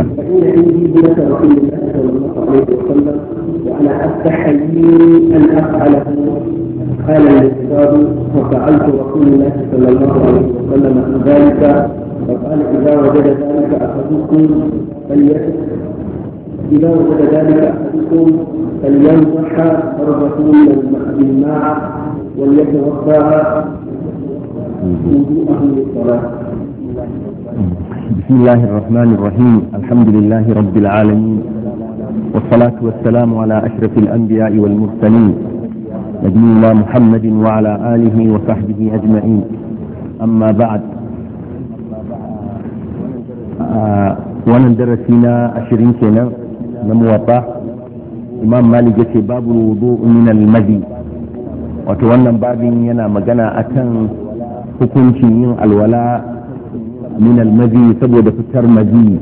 وسلم وأنا أستحيي أن أفعله قال الإنسان وفعلت رسول الله صلى الله عليه وسلم ذلك وقال إذا وجد ذلك أحدكم فليأتي إذا وجد ذلك أحدكم فليمسح فرجه بالماء وليتوضأ وضوءه للصلاة بسم الله الرحمن الرحيم الحمد لله رب العالمين والصلاة والسلام على أشرف الأنبياء والمرسلين نبينا محمد وعلى آله وصحبه أجمعين أما بعد آه، وانا درسينا أشرين سنة نموطا إمام مالي جسي باب الوضوء من المدي وتوانا بابين ينا مجانا أتن حكمتين الولاء min almazi saboda fitar mazi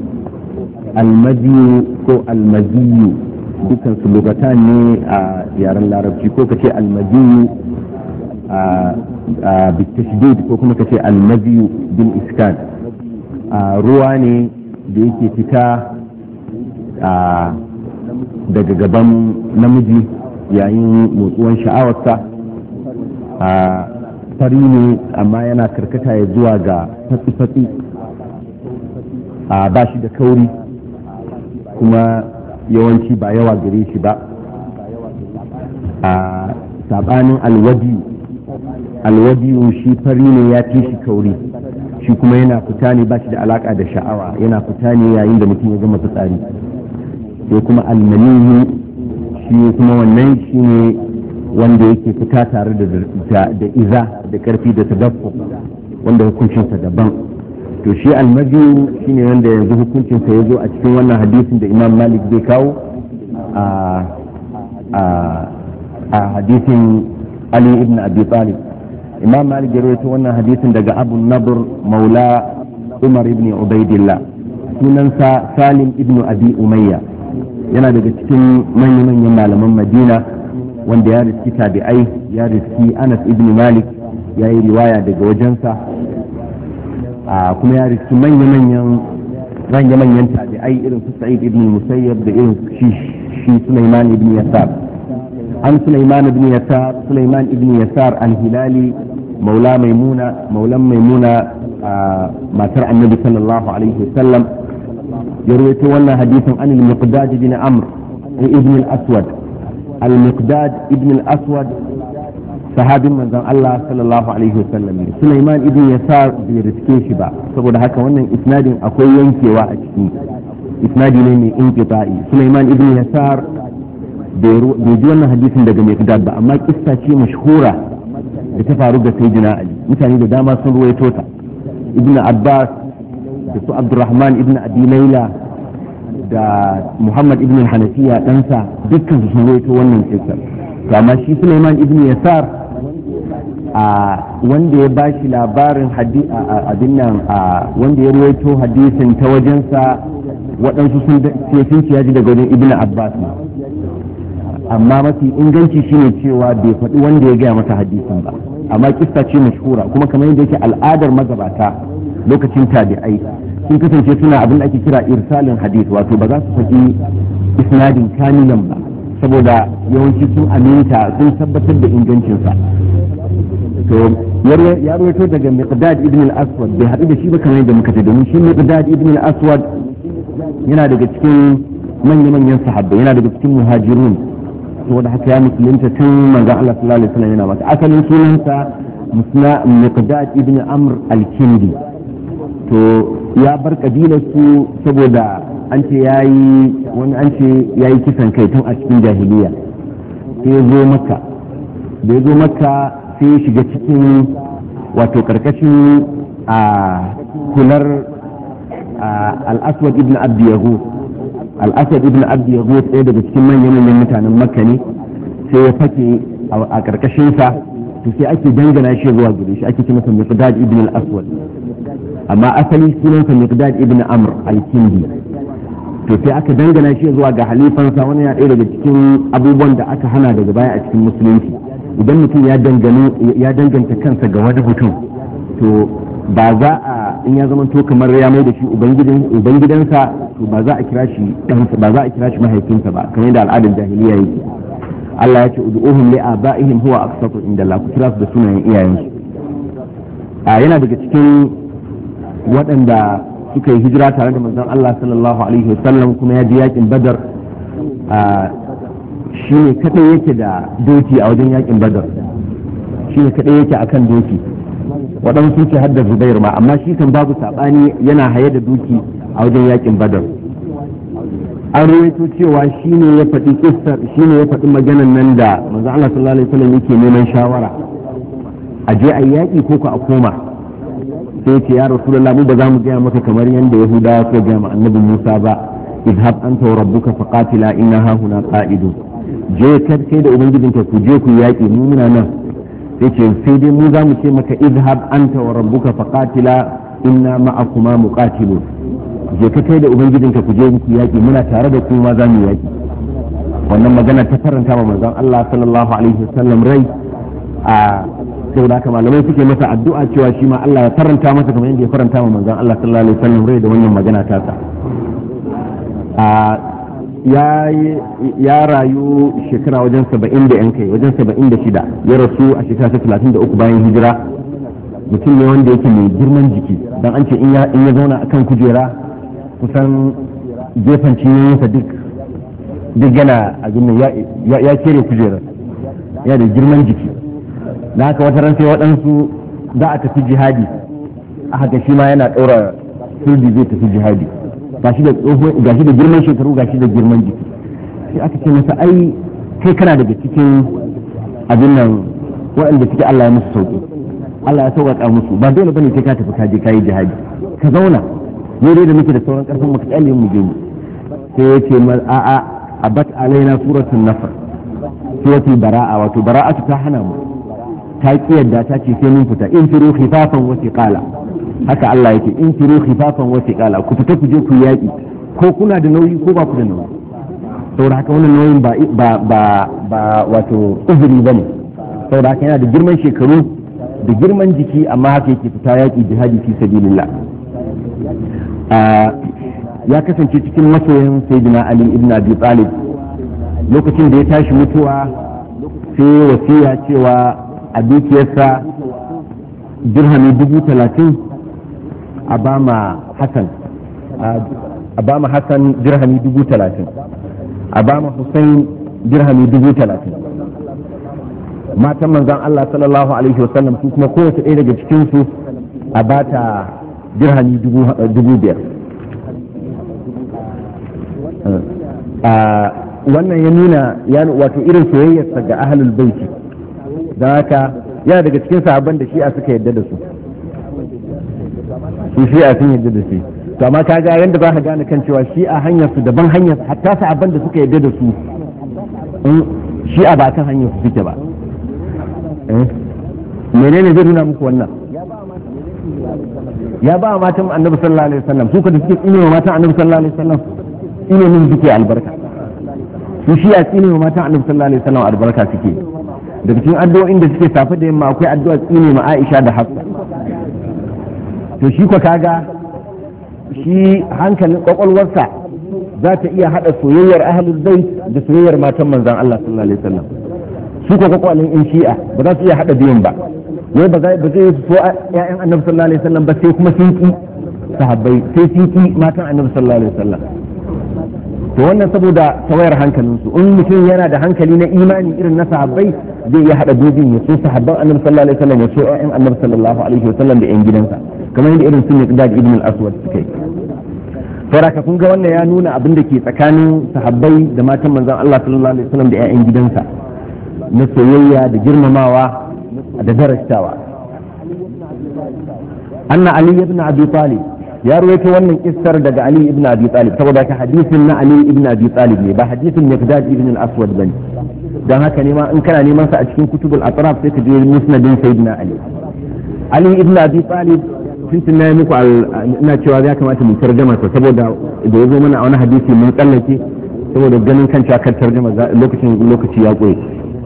almazi ko almaziyu dukkan su lugatan ne a yaren larabci ko kace almaziyu a bitashdid ko kuma kace almaziyu bil iskan ruwa ne da yake fita daga gaban namiji yayin motsuwan sha'awarsa a fari ne amma yana karkata ya zuwa ga fatsi-fatsi a ba shi da kauri kuma yawanci ba yawa gare shi ba a sabanin alwadiyu alwadiyu shi fari ne ya fi shi kauri shi kuma yana fita ne ba shi da alaka da sha'awa yana fita ne yayin da mutum ya gama fitsari sai kuma almaniyu shi kuma wannan shi ne wanda yake fita tare da iza da karfi da tadaffur wanda hukuncinsa daban to shi almabiyu shine wanda yanzu hukuncin sa yazo a cikin wannan hadisin da Imam Malik bai kawo a a hadisin Ali ibn Abi Talib Imam Malik ya rawaito wannan hadisin daga Abu Nadr Maula Umar ibn Ubaidillah sunansa Salim ibn Abi Umayya yana daga cikin manya-manyan malaman Madina wanda ya riski tabi'ai ya riski Anas ibn Malik ya yi riwaya daga wajensa kuma ya riski manya-manyan manya-manyan tabi'ai irin su sa'id ibn musayyab da irin shi shi sulaiman ibn yasar an sulaiman ibn yasar sulaiman ibn yasar an hilali maula maimuna maulan maimuna matar annabi sallallahu alaihi wasallam ya rawaito wannan hadisin an al-miqdad ibn amr ibn al-aswad al-miqdad ibn al-aswad sahabin manzon Allah sallallahu alaihi wasallam ne Sulaiman ibn Yasar bai riske shi ba saboda haka wannan isnadin akwai yankewa a ciki isnadi ne mai inqita'i Sulaiman ibn Yasar bai ji wannan hadisin daga mai fidar ba amma kissa ce mashhura da ta faru ga sayyidina Ali mutane da dama sun ruwaito ta ibn Abbas da su Abdurrahman ibn Abi Layla da Muhammad ibn Hanafiya dansa dukkan su ruwaito wannan kissa to amma shi Sulaiman ibn Yasar a wanda ya bashi labarin abin nan wanda ya ruwaito hadisin ta wajensa waɗansu sun ce ya ji daga wajen ibn abbas amma mafi inganci shine cewa bai faɗi wanda ya gaya masa hadisin ba amma kista ce mashhura kuma kamar yadda yake al'adar magabata lokacin tabi'ai sun kasance suna abin da ake kira irsalin hadis wato ba za su faɗi isnadin kamilan ba saboda yawanci sun aminta sun tabbatar da ingancinsa ya rawaito daga miqdad ibn al-aswad bai haɗu da shi ba kamar yadda muka ce domin shi miqdad ibn al-aswad yana daga cikin manyan manyan sahabba yana daga cikin muhajirun saboda haka ya musulunta tun manzon Allah sallallahu alaihi wasallam yana masa asalin sunansa musna miqdad ibn amr al-kindi to ya bar kabilar su saboda an ce yayi wani an ce yayi kisan kai tun a cikin jahiliya sai ya zo maka da ya zo maka sai ya shiga cikin wato karkashin a kular al'aswad ibn abdi yahud al'aswad ibn abdi yahud ɗaya daga cikin manyan manyan mutanen makka ne sai ya fake a sa to sai ake dangana shi zuwa gure shi ake kima miqdad ibn al-aswad amma asali sa miqdad ibn amr al-kindi to sai aka dangana shi zuwa ga halifansa wani ya ɗaya daga cikin abubuwan da aka hana daga baya a cikin musulunci idan mutum ya danganta kansa ga wani mutum to ba za a in ya zama to kamar ya mai da shi ubangidansa to ba za a kira shi ɗansa ba za a kira shi mahaifinsa ba kamar da al'adar jahiliya yake Allah ya ce ud'uhum li abaihim huwa aqsatu inda Allah ku kira su da sunayen iyayensu a yana daga cikin waɗanda suka yi hijira tare da manzon Allah sallallahu alaihi wasallam kuma ya ji yakin Badar shi ne kaɗai yake da doki a wajen yakin badar shi ne kaɗai yake akan doki waɗansu ce hadda zubair ma amma shi kan babu sabani yana haye da doki a wajen yakin badar an rawaito cewa shi ne ya faɗi kistar shi ne ya faɗi maganan nan da manzo Allah sallallahu alaihi wasallam yake neman shawara a je a yaƙi ko ka a koma sai ce ya rasulullah mu ba za mu gaya maka kamar yadda yahudawa ko gaya annabi musa ba idhab anta wa rabbuka faqatila inna hahuna qa'idun je ka sai da ubangijinka ku je ku yaƙi mu muna nan sai ce sai dai mu za mu ce maka izhab anta wa rabbuka faqatila inna ma'akuma muqatilun je ka kai da ubangijinka ku je ku yaƙi muna tare da ku ma za mu yaƙi wannan magana ta faranta ma manzon Allah sallallahu alaihi wasallam rai a saboda haka malamai suke masa addu'a cewa shi ma Allah ya faranta masa kamar yadda ya faranta wa manzon Allah sallallahu alaihi wasallam rai da wannan magana ta sa ya rayu shekara wajen saba'in da yan kai wajen saba'in da shida ya rasu a shekara ta talatin da uku bayan hijira mutum ne wanda yake mai girman jiki don an ce in ya zauna akan kujera kusan gefen cinyoyinsa duk duk yana a nan ya kere kujerar yana da girman jiki da haka wata ran sai waɗansu za a tafi jihadi a haka shi ma yana ɗaura sirdi zai tafi jihadi gashi da girman shekaru gashi da girman jiki sai aka ce masa ai kai kana daga cikin abin nan waɗanda suke Allah ya musu sauki Allah ya sauƙaƙa musu ba dole bane sai ka tafi ka je kai jihadi ka zauna ne dai da muke da sauran ƙarfin mu ka kyale mu je mu sai ya ce a a abat alaina suratul nafr suratul bara'a wato bara'atu ta hana mu ta ki yadda ta ce sai mun fita in firu khifafan wa thiqala haka Allah yake in kiro khifafan wa thiqala ku fita ku je ku yaki ko kuna da nauyi ko ba ku da nauyi saboda haka wannan nauyin ba ba ba wato uzuri bane saboda haka yana da girman shekaru da girman jiki amma haka yake fita yaki jihadi fi sabilillah ya kasance cikin masoyan sayyidina ali ibn abi talib lokacin da ya tashi mutuwa sai wasiya cewa a dukiyarsa dirhami dubu talatin a ba ma hassan a ba ma hassan dirhami dubu talatin a ba ma hussein dirhami dubu talatin matan manzan Allah sallallahu alaihi wasallam su kuma kowace ɗaya daga cikinsu a ba ta dirhami dubu biyar wannan ya nuna ya wato irin soyayyarsa ga ahalul baiti don haka yana daga cikin sahabban da shi'a suka yadda da su shi a sun yadda da shi to amma ka ga yanda ba ka gane kan cewa shi a hanyar su daban hanyar hatta su abin da suka yadda da su shi ba kan hanyar su suke ba eh? menene zai nuna muku wannan ya ba matan annabi sallallahu alaihi wasallam su ka da suke tsine wa matan annabi sallallahu alaihi wasallam tsine min suke albarka su a tsine wa matan annabi sallallahu alaihi wasallam albarka suke daga cikin addu'o'in da suke safe da yamma akwai addu'a tsine ma Aisha da Hafsa to shi kwa kaga shi hankalin kwakwalwarsa za ta iya hada soyayyar ahalin bait da soyayyar matan manzan Allah sallallahu alaihi wasallam su ko kwakwalin in shi'a ba za su iya hada biyun ba wai ba zai so ƴaƴan annabi sallallahu alaihi wasallam ba sai kuma sun ki sahabbai sai sun ki matan annabi sallallahu alaihi wasallam to wannan saboda tawayar hankalinsu in mutum yana da hankali na imani irin na sahabbai zai iya hada dubin ya so sahabban annabi sallallahu alaihi wasallam ya so ƴaƴan annabi sallallahu alaihi wasallam da 'yan gidansa kamar yadda irin su miqdad ibn al-aswad suka saboda kun ga wannan ya nuna abin da ke tsakanin sahabbai da matan manzon Allah sallallahu alaihi wasallam da ƴaƴan gidansa na soyayya da girmamawa da darastawa anna ali ibn abi talib ya ruwaito wannan kissar daga ali ibn abi talib saboda ka hadisin na ali ibn abi talib ne ba hadisin miqdad ibn al-aswad bane dan haka ne ma in kana neman sa a cikin kutubul atraf sai ka je musnadin sayyidina ali ali ibn abi talib tuntun na yi muku ina cewa ya kamata mu tarjama sa saboda da yazo zo mana a wani hadisi mun tsallake saboda ganin kan cewa kan tarjama lokacin lokaci ya koyi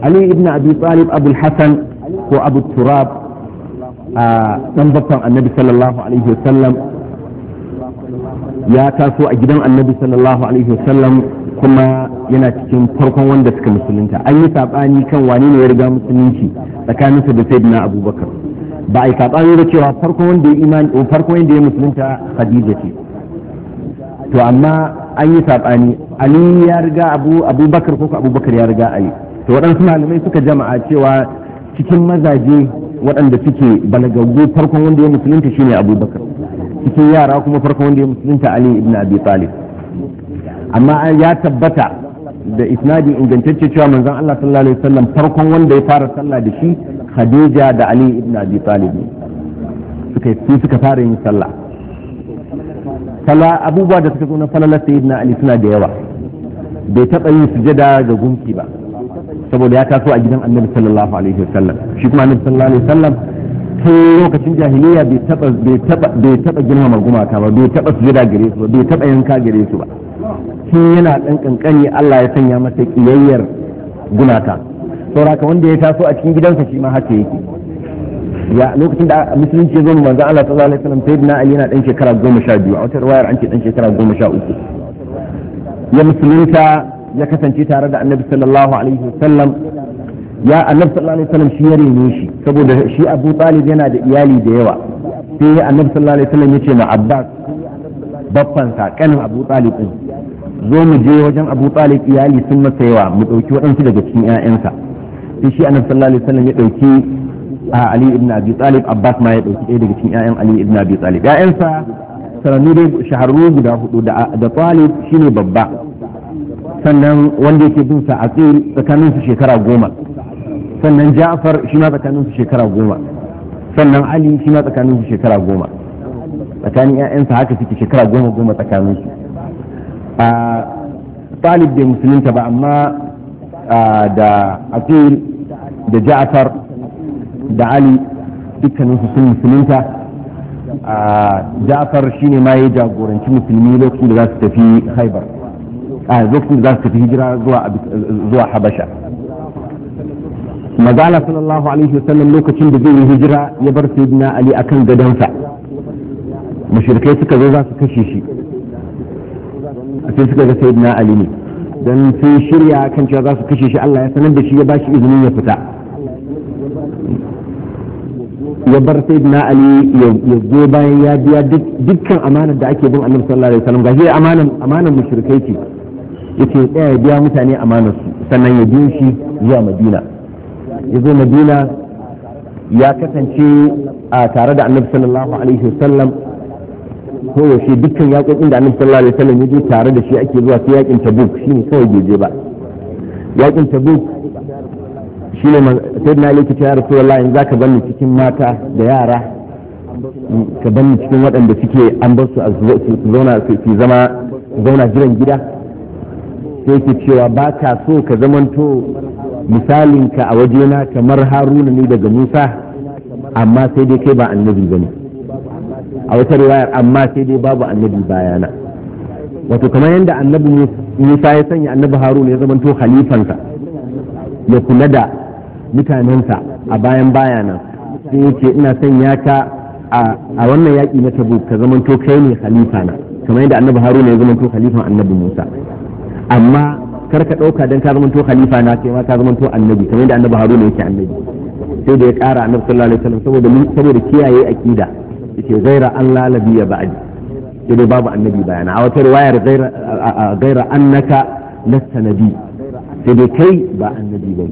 ali ibn abi talib abul hasan ko abu turab a dan annabi sallallahu alaihi wasallam ya taso a gidan annabi sallallahu alaihi wasallam kuma yana cikin farkon wanda suka musulunta an yi sabani kan wane ne ya riga musulunci tsakaninsa da sayyidina abubakar ba a yi saɓani da cewa farko wanda ya imani farko wanda ya musulunta khadija ce to amma an yi saɓani ali ya riga abu abubakar ko abubakar ya riga ali to waɗansu malamai suka jama'a cewa cikin mazaje waɗanda suke balagaggu farkon wanda ya musulunta shine abubakar cikin yara kuma farkon wanda ya musulunta ali ibn abi talib amma ya tabbata da isnadi ingantacce cewa manzon Allah sallallahu alaihi wasallam farkon wanda ya fara sallah da shi Khadija da Ali ibn Abi Talib suka yi suka fara yin sallah sala abubuwa da suka zo na falala sayyidina Ali suna da yawa bai taɓa yin sujada ga gunki ba saboda ya taso a gidan annabi sallallahu alaihi wasallam shi kuma annabi sallallahu alaihi wasallam tun lokacin jahiliya bai taɓa bai taba bai taɓa girmama gumaka ba bai taba sujada gare su ba bai taɓa yanka gare su ba tun yana ɗan ƙanƙani Allah ya sanya masa ƙiyayyar gunata sauraka wanda ya taso a cikin gidansa shi ma haka yake ya lokacin da musulunci ya zo manzo Allah sallallahu alaihi wasallam sai na Ali yana ɗan shekara goma sha biyu a wata riwayar an ce ɗan shekara goma sha uku ya musulunta ya kasance tare da annabi sallallahu alaihi wasallam ya annabi sallallahu alaihi wasallam shi ya rene shi saboda shi Abu Talib yana da iyali da yawa sai annabi sallallahu alaihi wasallam ya ce ma Abbas babban sa kanin Abu Talib din zo mu je wajen abu talib iyali sun masa yawa mu ɗauki waɗansu daga cikin 'ya'yansa sai shi annabi sallallahu alaihi wasallam ya ɗauki a ali ibn abi talib abbas ma ya ɗauki ɗaya daga cikin 'ya'yan ali ibn abi talib 'ya'yansa sanannu dai shahararru guda hudu da talib shine babba sannan wanda yake bin sa aqil tsakanin su shekara goma sannan ja'far shi ma tsakanin su shekara goma sannan ali shi ma tsakanin su shekara goma tsakanin 'ya'yansa haka suke shekara goma goma tsakanin su a talib bai musulunta ba amma da aqil da ja'far da ali dukkaninsu sun musulunta a ja'far shine ma ya jagoranci musulmi lokacin da za su tafi haibar a lokacin da za su tafi hijira zuwa habasha mazala sallallahu alaihi wasallam lokacin da zai yi hijira ya bar sayyidina ali akan gadansa mushrikai suka zo za su kashe shi sai suka ga sayyidina ali ne dan sun shirya kan cewa za su kashe shi Allah ya sanar da shi ya bashi izinin ya fita ya bar sayyidina ali ya zo bayan ya biya dukkan amanar da ake bin annabi sallallahu alaihi wasallam gashi amanar amanar mushrikai ce yace tsaya ya biya mutane amanar su sannan ya biyo shi zuwa madina ya zo madina ya kasance a tare da annabi sallallahu alaihi wasallam ko yaushe dukkan yakokin da annabi sallallahu alaihi wasallam yaje tare da shi ake zuwa sai yakin tabuk shine kawai jeje ba yakin tabuk shine sai na lake ta wallahi in zaka bani cikin mata da yara ka bani cikin waɗanda suke an bar su a zauna su zama zauna jiran gida sai ke cewa ba ka so ka zamanto ka a wajena kamar haruna ne daga musa amma sai dai kai ba annabi bane a wata riwayar amma sai dai babu annabi bayana wato kamar yadda annabi Musa ya sanya annabi Harun ya zamanto halifansa ya kula da mutanensa a bayan bayana sai ya ce ina sanya ka a wannan yaƙi na tabu ka zamanto kai ne halifana na kamar yadda annabi Harun ya zamanto halifan annabi Musa amma kar ka ɗauka don ka zamanto halifa na kai ma ka zamanto annabi kamar yadda annabi Harun yake annabi sai da ya ƙara annabi sallallahu alaihi wasallam saboda saboda kiyaye akida yake gaira an lalabi ya ba'adi sai dai babu annabi bayana a wata riwayar gaira annaka lasta nabi sai dai kai ba annabi ba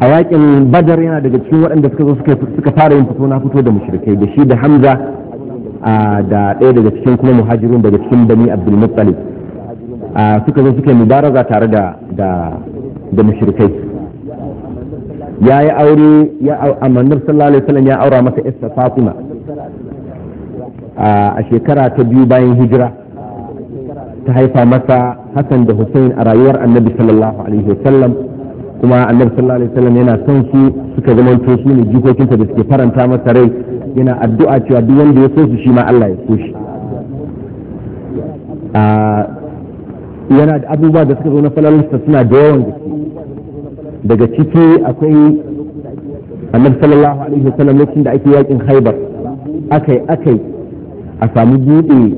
a yakin badar yana daga cikin waɗanda suka zo suka fara yin fito na fito da mushrikai da shi da hamza da ɗaya daga cikin kuma muhajirun daga cikin bani abdulmuttalib suka zo suka yi mubaraza tare da da mushrikai ya yi aure ya amannar sallallahu alaihi wasallam ya aura masa isa fatima a shekara ta biyu bayan hijira ta haifa masa hasan da hussein a rayuwar annabi sallallahu alaihi wasallam kuma annabi sallallahu alaihi wasallam yana son su suka zama to su ne jikokinta da suke faranta masa rai yana addu'a cewa duk wanda ya so su shi ma Allah ya so shi yana da abubuwa da suka zo na falalarsa suna da yawan gaske daga ciki akwai annabi sallallahu alaihi wasallam lokacin da ake yakin haibar akai akai a samu buɗe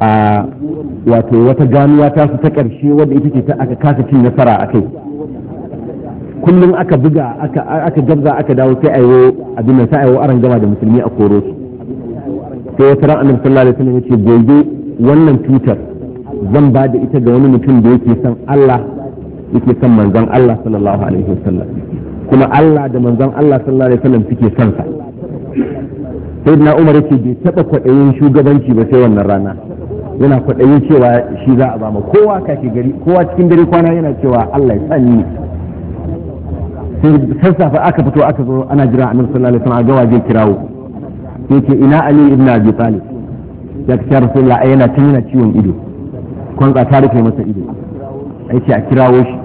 a wato wata ganuwa ta su ta ƙarshe wadda ita ce ta aka kasa cin nasara a kai kullum aka buga aka gabza aka dawo sai ayo abin nan sai ayo aran gama da musulmi a koro su sai wata ran annabi sallallahu alaihi wasallam yace gobe wannan tutar zan ba da ita ga wani mutum da yake son Allah yake son manzon Allah sallallahu alaihi wasallam kuma Allah da manzon Allah sallallahu alaihi wasallam suke son sa sai na Umar yake bai taba kwadayin shugabanci ba sai wannan rana yana kwadayin cewa shi za a bama kowa kake gari kowa cikin dare kwana yana cewa Allah ya sani sassafe aka fito aka zo ana jira annabi sallallahu alaihi wasallam gawa waje kirawo yake ina Ali ibn Abi Talib ya ce rasulullahi yana tun yana ciwon ido kwanza ta rufe masa ido ai ce a kirawo shi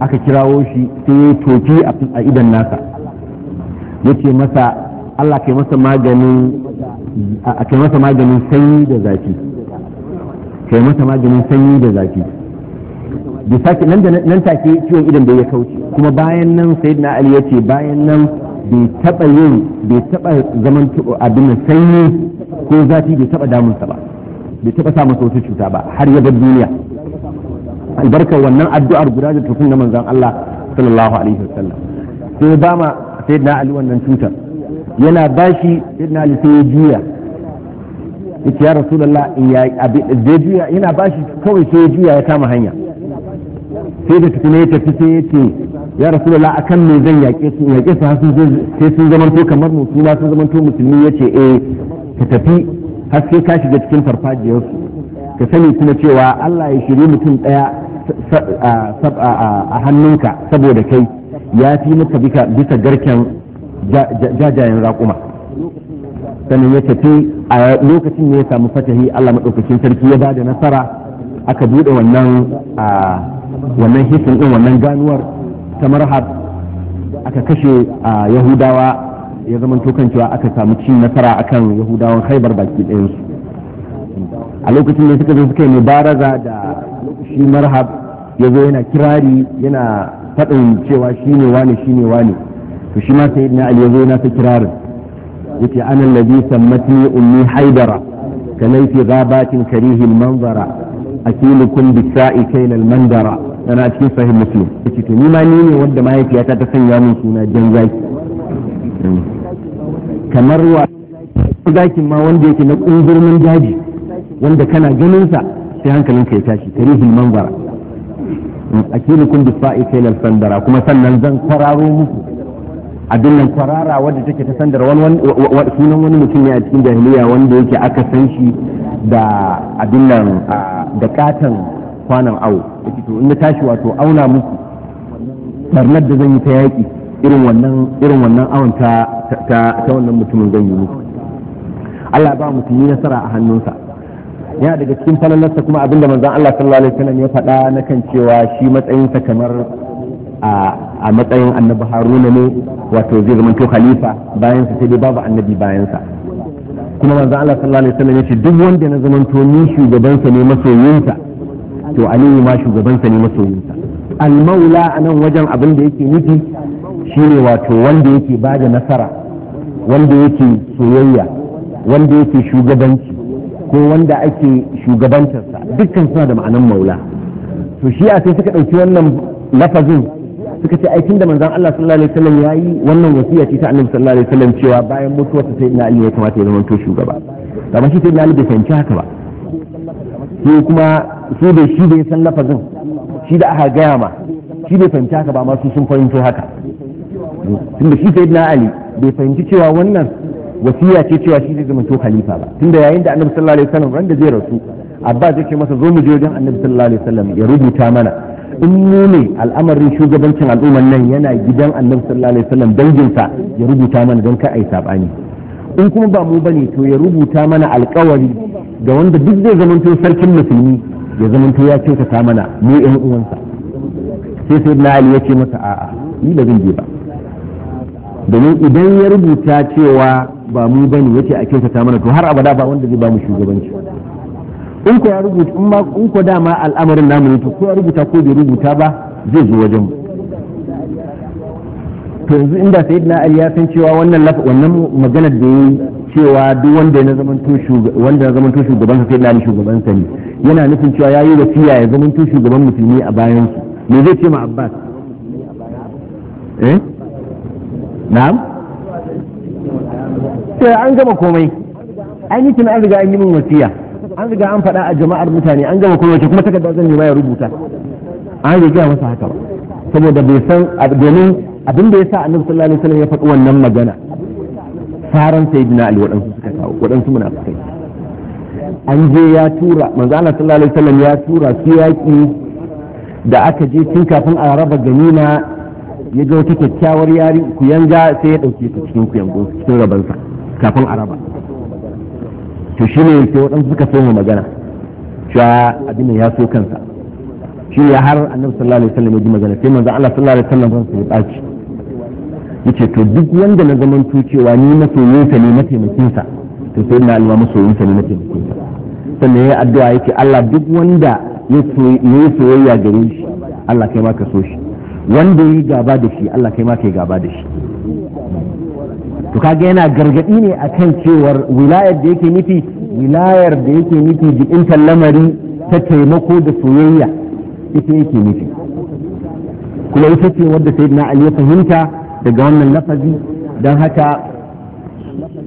aka kirawo shi sai ya toki a idan nasa ya ce masa Allah kai masa maganin a masa maganin sanyi da zafi kai masa maganin sanyi da zafi da sake nan ta ke take ciwon idan da ya kauce kuma bayan nan na Ali ya ce bayan nan bai taba yin bai taba zaman abin sanyi ko zafi bai taba damunsa ba bai taba sa masa cuta ba har ya duniya albarkar wannan addu'ar guda da tukun na manzan Allah sallallahu alaihi wasallam sai ba ma sai na Ali wannan cutar yana ba bashi sayyidina Ali sai ya juya yace ya rasulullah in ya da juya yana ba shi kawai sai ya juya ya kama hanya sai da tukuna ya tafi sai ya ce ya rasulullah akan me zan yaƙe su yaƙe su sai sun zamanto kamar mu sun zamanto musulmi yace eh ka tafi har sai ka shiga cikin farfajiyarsu ka sani kuma cewa Allah ya shiri mutum ɗaya a hannunka saboda kai ya fi maka bisa garken jajayen raƙuma sannan ya tafi a lokacin ne ya samu fatahi Allah maɗaukakin sarki ya bada nasara aka buɗe wannan wannan hisin ɗin wannan ganuwar ta marhab aka kashe yahudawa ya zama tokan cewa aka samu cin nasara akan yahudawan haibar baki ɗayansu a lokacin da suka zo suka yi mubaraza da shi marhab ya zo yana kirari yana faɗin cewa shi ne wani shi ne wani to shi ma sai na ali ya zo yana ta kirarin yace ana alladhi sammatni ummi haidara kalai fi ghabatin karihi manzara akilukum bisa'i kayla mandara yana cikin sahih muslim yace to ni ma ni ne wanda mahaifiyata ta sanya min suna jan zaki kamar wa zakin ma wanda yake na kungurmin daji wanda kana ganin sa sai hankalinka ya tashi tarihin manzara akilukum bi sandara kuma sannan zan kwararo muku abin nan kwarara wadda take ta sandar sunan wani mutum ne a cikin jahiliya wanda yake aka san shi da abin nan da katon kwanan awo yake to inda tashi wato auna muku barnar da zan yi ta yaƙi irin wannan irin wannan awon ta wannan mutumin zan yi muku Allah ba mutum yi nasara a hannunsa yana daga cikin falalarsa kuma abinda manzon Allah sallallahu alaihi wasallam ya faɗa na kan cewa shi matsayinsa kamar a matsayin annabi Haruna ne wato zai zama to khalifa bayan sa sai dai babu annabi bayan sa kuma manzon Allah sallallahu alaihi wasallam ya ce duk wanda na zama to ni shugabansa ne masoyinsa to Aliyu ma shugabansa ne masoyinsa al-maula anan wajen abin da yake nufi shine wato wanda yake bada nasara wanda yake soyayya wanda yake shugabanci ko wanda ake shugabantarsa dukkan suna da ma'anan maula to shi a sai suka ɗauki wannan lafazin suka ce aikin da manzon Allah sallallahu alaihi wasallam yayi wannan wasiya ce ta annabi sallallahu alaihi wasallam cewa bayan mutuwar ta sayyidina Ali ya kamata ya zama to shugaba amma shi sayyidina Ali bai fahimci haka ba shi kuma shi da shi bai san lafazin shi da aka gaya ma shi bai fahimci haka ba amma su sun fahimci haka tunda shi sayyidina Ali bai fahimci cewa wannan wasiya ce cewa shi zai zama to khalifa ba tunda yayin da annabi sallallahu alaihi wasallam randa zai rasu abbas ce masa zo mu je wajen annabi sallallahu alaihi wasallam ya rubuta mana in mu ne al'amarin shugabancin al'umman nan yana gidan annabi sallallahu alaihi wasallam danginsa ya rubuta mana don kai ai sabani in kuma ba mu bane to ya rubuta mana alƙawari ga wanda duk zai to sarkin musulmi ya zamanto ya ta mana mu yan uwansa sai sai na ali ya ce masa a'a ni ba zan je ba domin idan ya rubuta cewa ba mu bane yake a kyautata mana to har abada ba wanda zai ba mu shugabanci in ko ya rubuta in ma in ko dama al'amarin namu ne to ko ya rubuta ko bai rubuta ba zai zo wajen mu to yanzu inda na ali ya san cewa wannan wannan maganar da yi cewa duk wanda ya zamanto shugaban wanda ya zamanto shugaban sa na ali shugaban sa ne yana nufin cewa yayi wasiya ya zamanto shugaban musulmi a bayan shi me zai ce ma abbas eh na'am sai eh, an gama komai an ainihin an riga an yi min wasiya an riga an faɗa a jama'ar mutane an gama komai kuma takarda zan nema ya rubuta an riga masa haka ba saboda bai san domin abin da ya sa annabi sallallahu alaihi wasallam ya faɗi wannan magana faran sayyidina ali waɗansu suka kawo waɗansu munafikai an je ya tura manzo Allah sallallahu alaihi wasallam ya tura su yaki da aka je tun kafin a raba ganima ya ga wata kyakkyawar yari yanga sai ya ɗauke ta cikin kuyango cikin rabansa kafin araba to shi ne sai waɗansu suka so mu magana cewa abin ya so kansa shi ne har annabi sallallahu alaihi wasallam ya ji magana sai manzo Allah sallallahu alaihi wasallam sai ya ɓaci yace to duk wanda na zaman cewa ni masoyinsa ne mataimakinsa to sai na alwa masoyinsa ne mataimakinsa sannan ya addu'a yake Allah duk wanda ya soyayya gare shi Allah kai ma ka so shi wanda yi gaba da shi Allah kai ma kai gaba da shi to kaga yana gargadi ne akan cewar wilayar da yake nufi wilayar da yake nufi jikintar lamari ta taimako da soyayya ita yake nufi kuma ita ce wadda sayyidina Ali ya fahimta daga wannan lafazi don haka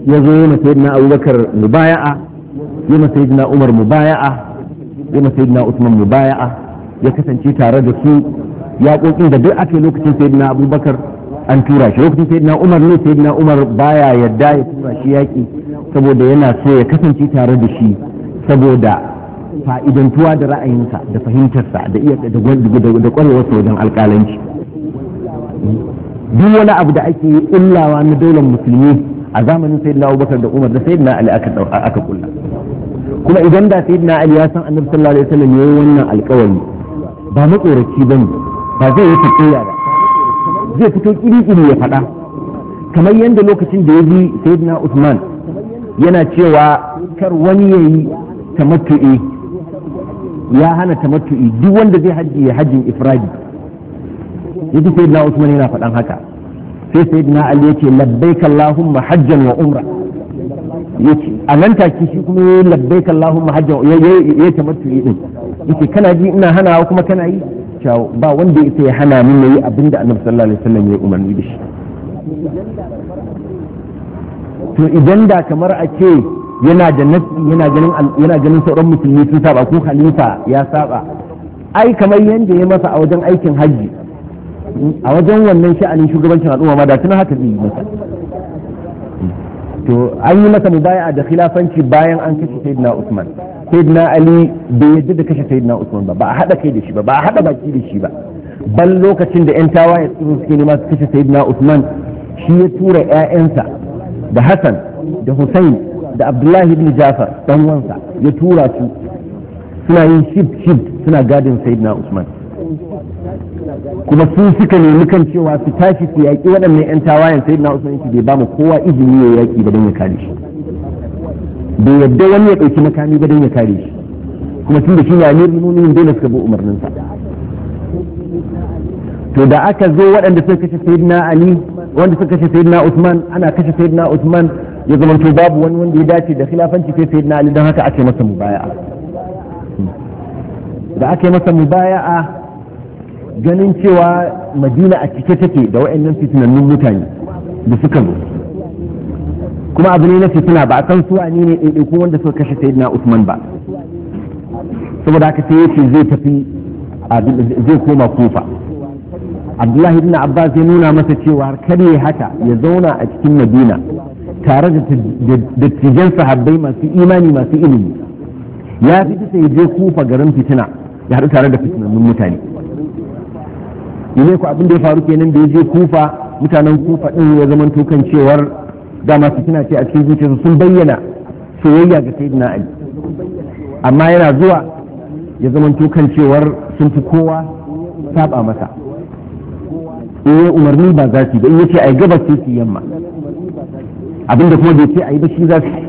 ya zo yi masayidina abubakar mubaya'a yi masayidina umar mubaya'a yi masayidina usman mubaya'a ya kasance tare da su yaƙoƙin da duk ake lokacin sayyidina abubakar an tura shi lokacin sayyidina umar ne sayyidina umar baya yadda ya tura shi yaƙi saboda yana so ya kasance tare da shi saboda fa'idantuwa da ra'ayinsa da fahimtarsa da iya da kwarewarsa wajen alƙalanci duk wani abu da ake illawa na daular musulmi a zamanin sayyidina abubakar da umar da sayyidina ali aka kula kuma idan da sayyidina ali ya san annabi sallallahu alaihi wasallam yayi wannan alƙawari ba matsoraci bane ba zai yi tafiya ba zai fito kiri-kiri ya faɗa kamar yadda lokacin da ya bi sayyidina usman yana cewa kar wani ya yi tamattu'i ya hana tamattu'i duk wanda zai hajji ya hajjin ifradi yaji sayyidina usman yana faɗan haka sai sayyidina ali yace labbaik allahumma hajjan wa umra yace a nan take shi kuma yayi labbaik allahumma hajjan ya tamattu'i din yace kana ji ina hana kuma kana yi cewa ba wanda ya sai hana min yi abin da annabi sallallahu alaihi wasallam ya umarni da shi to idan da kamar a ce yana da yana ganin yana ganin sauran musulmi sun saba ko khalifa ya saba ai kamar yanda ya masa a wajen aikin hajji a wajen wannan sha'anin shugabancin al'umma ma da tuna haka zai yi masa to an yi masa mubaya'a da khilafanci bayan an kashe sayyidina Usman sayyidina ali bai yadda da kashe sayyidina usman ba ba a hada kai da shi ba ba a hada baki da shi ba ban lokacin da yan tawaye su suke nema su kashe sayyidina usman shi ya tura 'ya'yansa da hasan da husain da abdullahi ibn jafar dan wansa ya tura su suna yin shib shib suna gadin sayyidina usman kuma su suka nemi kan cewa su tashi su yaƙi waɗannan 'yan tawayen sai usman yake bai ba kowa izini ya yaƙi ba don ya kare shi bai yadda wani ya ɗauki makami ba don ya kare shi kuma tun da shi ne amirul mu'minin dole suka bi umarninsa to da aka zo waɗanda suka kashe sayyidina ali wanda suka kashe sayyidina usman ana kashe sayyidina usman ya zama to babu wani wanda ya dace da khilafanci kai sayyidina ali don haka ake masa mubaya'a da aka yi masa mubaya'a ganin cewa madina a cike take da waɗannan fitinannun mutane da suka zo kuma abu ne na fitina ba a san su a ne ɗaiɗaiku wanda suka kashe sayyidina usman ba saboda haka sai yace zai tafi zai koma kufa abdullahi ibn abbas ya nuna masa cewa har ya haka ya zauna a cikin madina tare da dattijan sahabbai masu imani masu ilimi ya fi sai je kufa garin fitina ya haɗu tare da fitinannun mutane ne ku abin da ya faru kenan da ya je kufa mutanen kufa ɗin ya zama tukan cewar dama fitina ce a cikin zuciyarsu sun bayyana soyayya ga na ali amma yana zuwa ya zama kan cewar sun fi kowa saba masa in umarni ba za su ba in yace a gabas sai su yamma abinda kuma bai ce a yi ba shi za su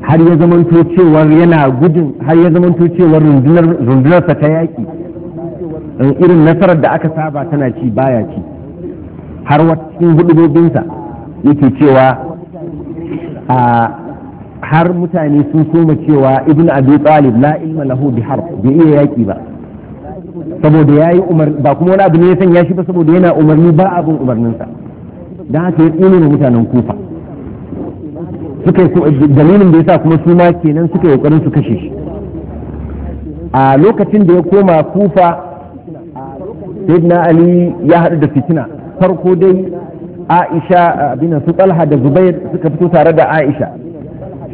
har ya zama cewar yana gudun har ya zama cewar rundunar sa ta yaki irin nasarar da aka saba tana ci baya ci har cikin hudubobinsa yake cewa har mutane sun koma cewa ibn abi talib la ilma lahu bi harb bai iya yaki ba saboda ya yi umar ba kuma wani abu ne ya sanya shi ba saboda yana umarni ba abin umarninsa don haka ya na mutanen kufa suka dalilin da sa kuma su ma kenan suka yi kokarin su kashe shi a lokacin da ya koma kufa sayyidina ali ya haɗu da fitina farko dai aisha abin su talha da zubair suka fito tare da aisha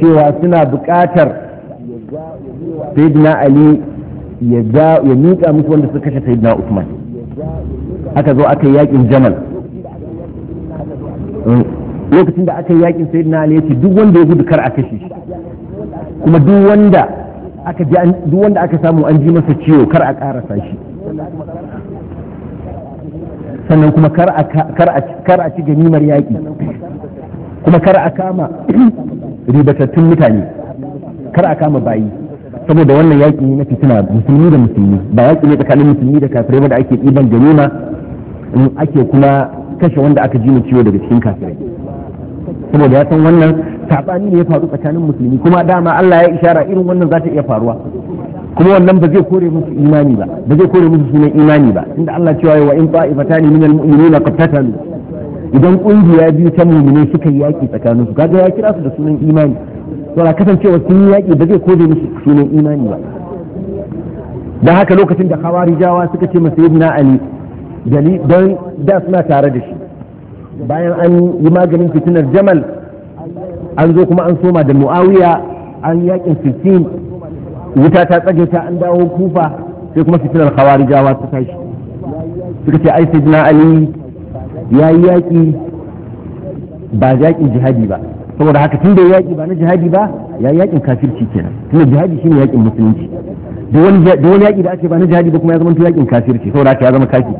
cewa suna buƙatar sayyidina ali ya miƙa musu wanda suka kashe sayyidina usman aka zo aka yi yakin jamal lokacin da aka yi yakin sayyidina ali ya ce duk wanda ya gudu kar a kashe shi kuma duk wanda aka samu an ji masa ciwo kar a karasa shi sannan kuma kar a ci ganimar yaƙi kuma kar a kama ribatattun mutane kar a kama bayi saboda wannan yaƙi ne na fitina musulmi da musulmi ba yaƙi ne tsakanin musulmi da kafirai ba da ake ɗiban ganima in ake kuma kashe wanda aka ji ciwo daga cikin kafirai saboda ya san wannan saɓani ne ya faru tsakanin musulmi kuma dama Allah ya ishara irin wannan zata iya faruwa kuma wannan ba zai kore musu imani ba ba zai kore musu sunan imani ba inda Allah cewa wa in ta'ifatani minal mu'minina qatatalu idan kungiya biyu ta mu'mini suka yi yaki tsakaninsu kaga ya kira su da sunan imani to la kasancewa sun yi yaki ba zai kore musu sunan imani ba da haka lokacin da khawarijawa suka ce masa yibna ali dali dan da suna tare da shi bayan an yi maganin fitinar jamal an zo kuma an soma da muawiya an yakin fitin wuta ta tsage ta an dawo kufa sai kuma su fitinar khawarijawa ta tashi suka ce ai sayyidina ali yayi yaƙi ba yaƙin jihadi ba saboda haka tun da yaƙi ba na jihadi ba ya yaƙin kafirci kenan tunda jihadi shine yaƙin musulunci da wani yaƙi da ake ba na jihadi ba kuma ya zama yaƙin kafirci saboda haka ya zama kafiri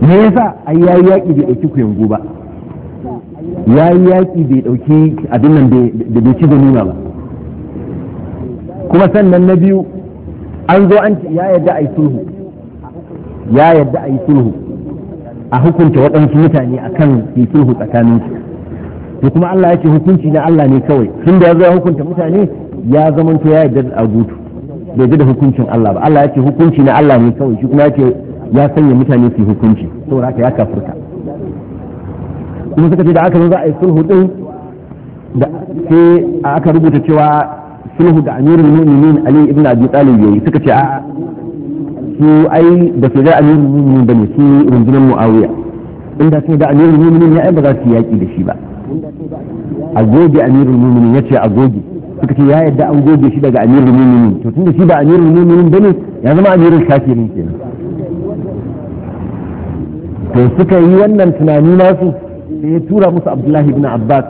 me yasa ai yayi yaƙi bai ɗauki kuyango ba yayi yaƙi bai ɗauki abin nan da bai ci da nuna ba kuma sannan na biyu an zo an ya yadda a yi sulhu ya yadda a yi sulhu a hukunta waɗansu mutane a kan yi sulhu tsakaninsu to kuma Allah ya ce hukunci na Allah ne kawai tun da ya zo ya hukunta mutane ya to ya yadda a gutu bai da hukuncin Allah ba Allah ya ce hukunci na Allah ne kawai shi kuma ya ce ya sanya mutane su yi hukunci saboda haka ya kafurta kuma suka ce da aka zo za a yi sulhu din da sai aka rubuta cewa sulhu da amirul mu'minin ali ibn abi talib yayi suka ce a su ai da su ga amirul mu'minin bane su rundunar muawiya inda sun da amirul mu'minin ya ai ba za su yaki da shi ba a goge amirul mu'minin ce a goge suka ce ya yadda an goge shi daga amirul mu'minin to tunda shi ba amirul mu'minin bane ya zama amirul kafirin kenan to suka yi wannan tunani nasu sai ya tura musu abdullahi ibn abbas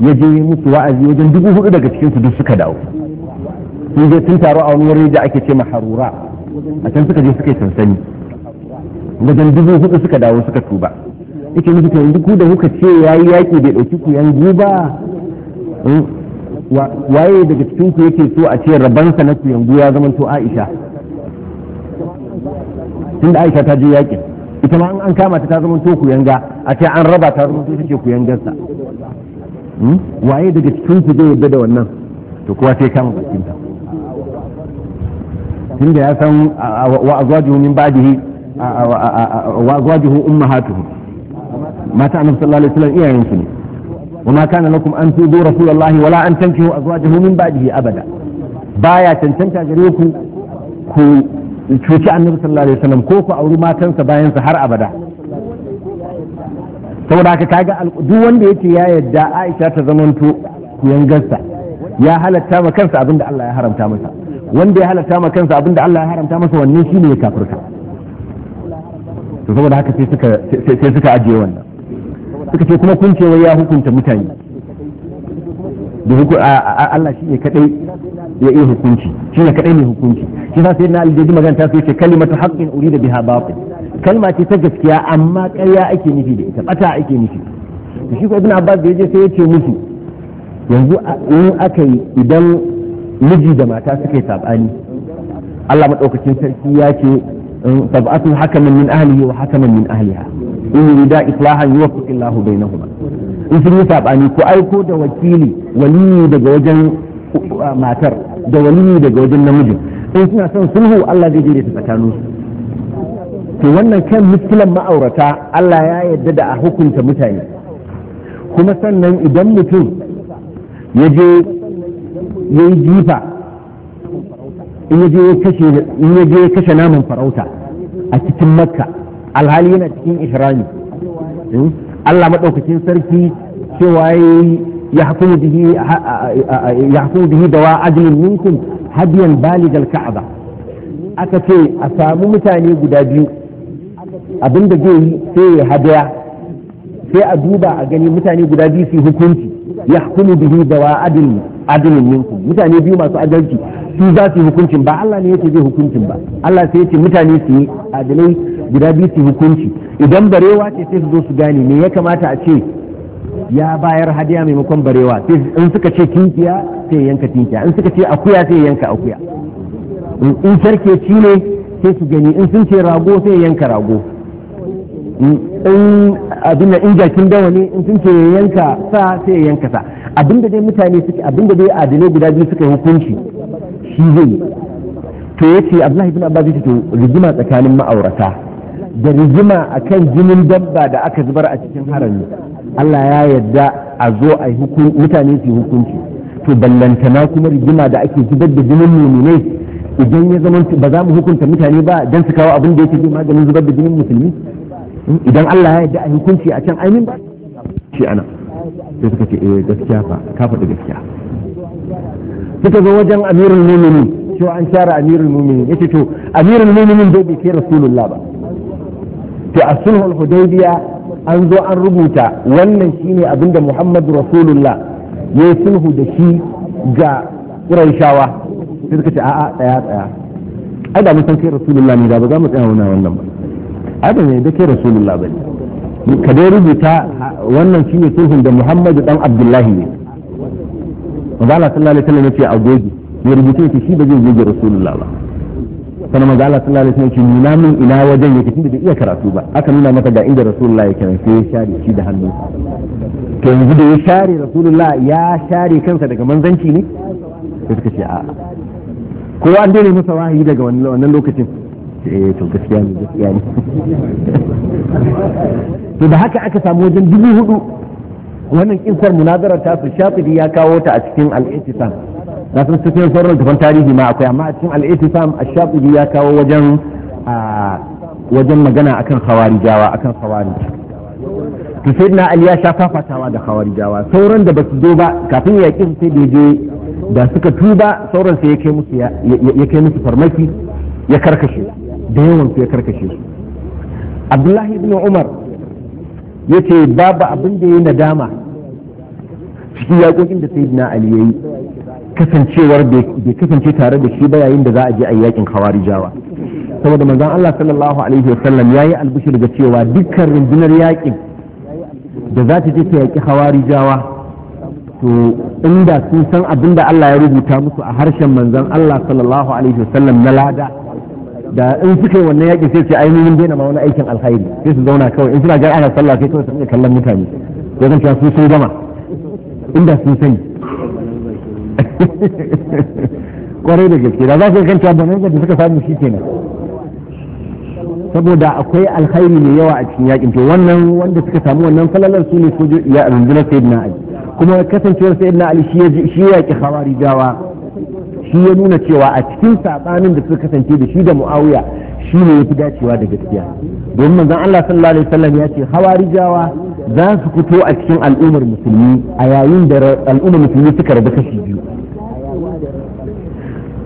ya je musu wa'azi wajen dubu hudu daga cikin su duk suka dawo sun je sun taru a wani wuri da ake ce harura a can suka je suka yi sansani wajen dubu hudu suka dawo suka tuba yake musu mutu yanzu ku da kuka ce yayi yaki bai dauki ku yan guba hmm? waye daga cikin ku yake so a ce rabansa na ku yanzu ya zama to Aisha da Aisha ta je yakin ita ma an kama ta ta zama to ku yanga a ce an raba ta zama to take ku yangarsa Hmm? waye daga cikin su zai yadda da wannan to kowa sai kama bakin ta tunda ya san wa azwajuhu min ba'dihi wa azwajuhu ummahatuhum mata annabi sallallahu alaihi wasallam iyayen su ne وما كان لكم an تؤذوا rasulullahi wala an tankihu azwajuhu min من abada baya tantanta gare ku ku cuci annabi sallallahu alaihi wasallam ko ku auri matansa bayan sa har abada saboda haka kaga duk wanda yace ya yadda Aisha ta zamanto gasta ya halatta ma kansa abinda Allah ya haramta masa wanda ya halatta ma kansa abinda Allah ya haramta masa wannan shine ya kafirta to saboda haka sai suka sai suka ajiye wannan suka ce kuma kun ce wai ya hukunta mutane da hukun Allah shi ne kadai ya yi hukunci shi ne kadai ne hukunci shi sai na aljiji magana ta ce kalimatu haqqin urida biha batil kalma ce ta gaskiya amma ƙarya ake nufi da ita bata ake nufi shi ko ibn abbas da yaje sai ya ce musu yanzu in aka yi idan miji da mata suka yi sabani Allah madaukakin sarki ya ce sab'atu hakaman min ahlihi wa hakaman min ahliha in yurida islahan yuwaffiq Allahu bainahuma in sun yi sabani ko aiko da wakili waliyi daga wajen matar da waliyi daga wajen namijin in suna son sulhu Allah zai jira ta tsakaninsu to wannan kan miskilan ma'aurata Allah ya yarda da a hukunta mutane kuma sannan idan mutum ya je ya yi jifa in ya je ya kashe naman farauta a cikin makka alhali yana cikin ihrami hmm? Allah maɗaukacin sarki cewa ya hukumu bihi dawa ajilin minkum hadiyan baligal ka'aba aka ce a samu mutane guda biyu Abin da zai yi sai ya hadaya sai a duba a gani mutane guda biyu su hukunci ya hukumu bihi da wa adilin yankun mutane biyu masu adalci su za su hukuncin ba Allah ne yake zai hukuncin ba Allah sai yace mutane su yi adalai guda biyu su hukunci idan barewa ce sai su zo su gane me ya kamata a ce ya bayar hadiya maimakon barewa sai in suka ce tinkiya sai yanka tinkiya in suka ce akuya sai yanka akuya in sarkeci ne sai su gani in sun ce rago sai yanka rago in abin da in jakin dawa ne in sun ce yanka sa sai yanka sa abin da dai mutane suke abin da dai adalai guda biyu suka hukunci shi zai yi to yace Abdullahi ibn Abbas ce to rigima tsakanin ma'aurata da rigima a kan jinin dabba da aka zubar a cikin harami Allah ya yarda a zo a mutane su hukunci to ballantana kuma rigima da ake zubar da jinin muminai idan ya zama ba za mu hukunta mutane ba don su kawo abin da yake maganin zubar da jinin musulmi idan Allah ya yarda a hukunci a can ainihin ba shi ana sai suka ce eh gaskiya fa ka faɗi gaskiya suka zo wajen amirul mumini cewa an share amirul Ya yace to amirul muminin dai bai kai rasulullah ba to a sulhul hudaybiya an zo an rubuta wannan shine abinda muhammadu rasulullah ya sulhu da shi ga shawa. sai suka ce a'a tsaya tsaya ai da mun san kai rasulullah ne da ba za mu tsaya wannan ba abin ne da ke rasulullah bane ka dai rubuta wannan shine sulhun da muhammadu dan abdullahi ne Magala Allah sallallahu alaihi wasallam yace a goge ya rubuta yake shi ba zai goge rasulullah ba sannan magala Allah sallallahu alaihi wasallam yace nuna min ina wajen yake tunda bai iya karatu ba aka nuna mata ga inda rasulullah yake nan sai ya share shi da hannu to yanzu da ya share rasulullah ya share kansa daga manzanci ne sai suka ce a'a ko an daina masa wahayi daga wannan lokacin eh to gaskiya ne gaskiya ne to da haka aka samu wajen dubu hudu wannan kinsar munazarar ta su shafi'i ya kawo ta a cikin al na san cikin sauran tafan tarihi ma akwai amma a cikin al a shafi ya kawo wajen wajen magana akan khawarijawa akan khawari to sai na ali ya sha fafatawa da jawa sauran da basu zo ba kafin ya kin sai je da suka tuba sauran sai ya kai musu ya kai musu farmaki ya karkashe da yawan su ya karkashe su abdullahi ibn umar ya ce babu abin da ya nadama cikin yaƙoƙin da sayyidina ali ya kasancewar bai kasance tare da shi ba yayin da za a je a yakin khawarijawa saboda manzon Allah sallallahu alaihi wasallam yayi albishir da cewa dukkan rundunar yaƙin da za ta je ta yaki khawarijawa to inda sun san abin da Allah ya rubuta musu a harshen manzon Allah sallallahu alaihi wasallam na lada da in suka yi wannan yakin sai su ainihin daina ma wani aikin alkhairi sai su zauna kawai in suna ga ana sallah sai kawai su dinga kallon mutane ya zan su sun gama inda sun sani kwarai da gaske da za su kan cewa ba da suka samu shi kenan saboda akwai alkhairi mai yawa a cikin yakin to wannan wanda suka samu wannan falalar su ne sojoji ya rundunar sayyidina ali kuma kasancewar sayyidina ali shi ya ki khawarijawa shi ya nuna cewa a cikin sabanin da suka kasance da shi da muawiya shi ne yafi dacewa da gaskiya domin manzon Allah sallallahu alaihi wasallam ya ce hawarijawa za su fito a cikin al'ummar musulmi a yayin da al'ummar musulmi suka rabu kashi biyu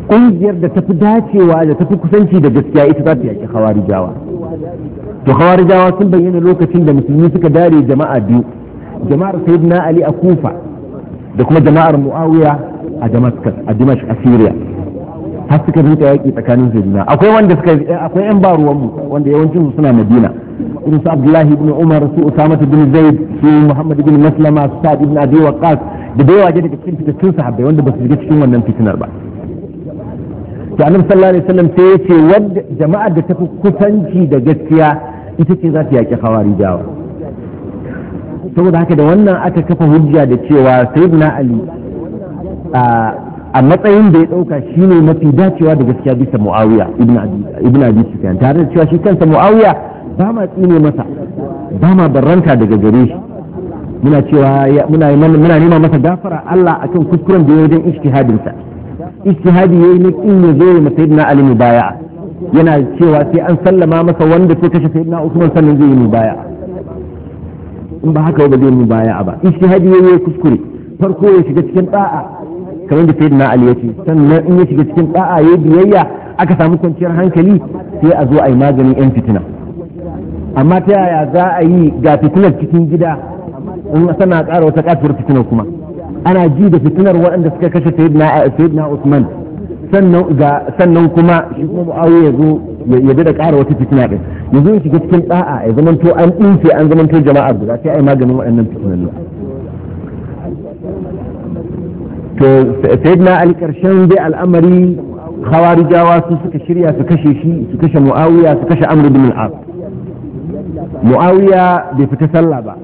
ƙungiyar da tafi dacewa da tafi kusanci da gaskiya ita za ta yaki hawarijawa to hawarijawa sun bayyana lokacin da musulmi suka dare jama'a biyu jama'ar sayyidina ali a kufa da kuma jama'ar muawiya a damascus a dimash a syria har suka rinka yaƙi tsakanin su juna akwai wanda suka eh, akwai yan ba ruwanmu wanda yawancin su suna madina irin su abdullahi ibn umar su usama ibn zaid su muhammad ibn maslama su sa'ad ibn abi waqas da da yawa daga cikin fitattun sahabbai wanda ba su shiga cikin wannan fitinar ba to annabi sallallahu alaihi wasallam sai yace wanda jama'a da tafi kusanci da gaskiya ita ce za ta yaƙi khawarijawa saboda haka da wannan aka kafa hujja da cewa sayyidina ali a matsayin da ya ɗauka shi ne mafi dacewa da gaskiya bisa mu'awiya ibn abi sufyan tare da cewa shi kansa mu'awiya ba ma tsine masa ba ma barranta daga gare shi muna cewa muna nema masa gafara Allah akan kuskuren da ya wajen ijtihadin sa ijtihadi yayi na kin ya zo masa sayyidina Ali mubaya'a yana cewa sai an sallama masa wanda sai kashe sayyidina Usman sannan zai yi mubaya'a in ba haka ba zai mubaya'a ba ijtihadi yayi kuskure farko ya shiga cikin da'a kamar da sayyidina ali yace sannan in ya shiga cikin ɗa'a ya biyayya aka samu kwanciyar hankali sai a zo a yi maganin yan fitina amma ta yaya za a yi ga fitinar cikin gida in sana ƙara wata katuwar fitinar kuma ana ji da fitinar waɗanda suka kashe sayyidina usman sannan kuma shi kuma mu'awiya ya ya bi da ƙara wata fitina ɗin ya zo ya shiga cikin ɗa'a ya zamanto an ɗinke an zamanto jama'a guda sai a yi maganin waɗannan fitinar to sayyidina ali karshen dai al'amari khawarijawa su suka shirya su kashe shi su kashe muawiya su kashe amr ibn al-as muawiya bai fita sallah ba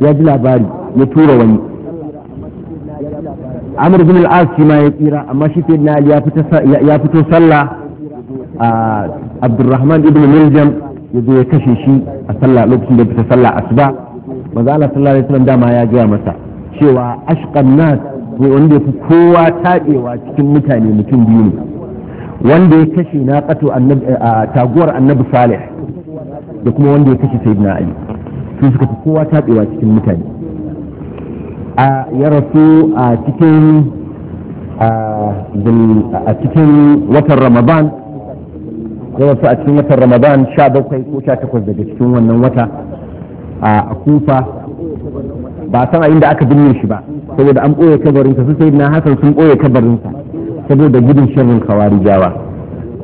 ya ji labari ya tura wani amr ibn al-as shi ma ya tsira amma shi sayyidina ali ya fito sallah a abdurrahman ibn miljam ya zo ya kashe shi a sallah lokacin da fita sallah asuba manzo Allah sallallahu alaihi wasallam dama ya gaya masa cewa ashqan nas wanda ya fi kowa taɗewa cikin mutane mutum biyu ne wanda ya kashe na ƙato taguwar annabi salih da kuma wanda ya kashe na ali su suka fi kowa taɓewa cikin mutane a ya rasu a cikin a cikin watan ramadan ya rasu a cikin watan ramadan sha bakwai ko sha takwas daga cikin wannan wata a kufa ba san a inda aka binne shi ba saboda an ɓoye kabarinsa su sai na hasan sun ɓoye kabarinsa saboda gudun sharrin khawarijawa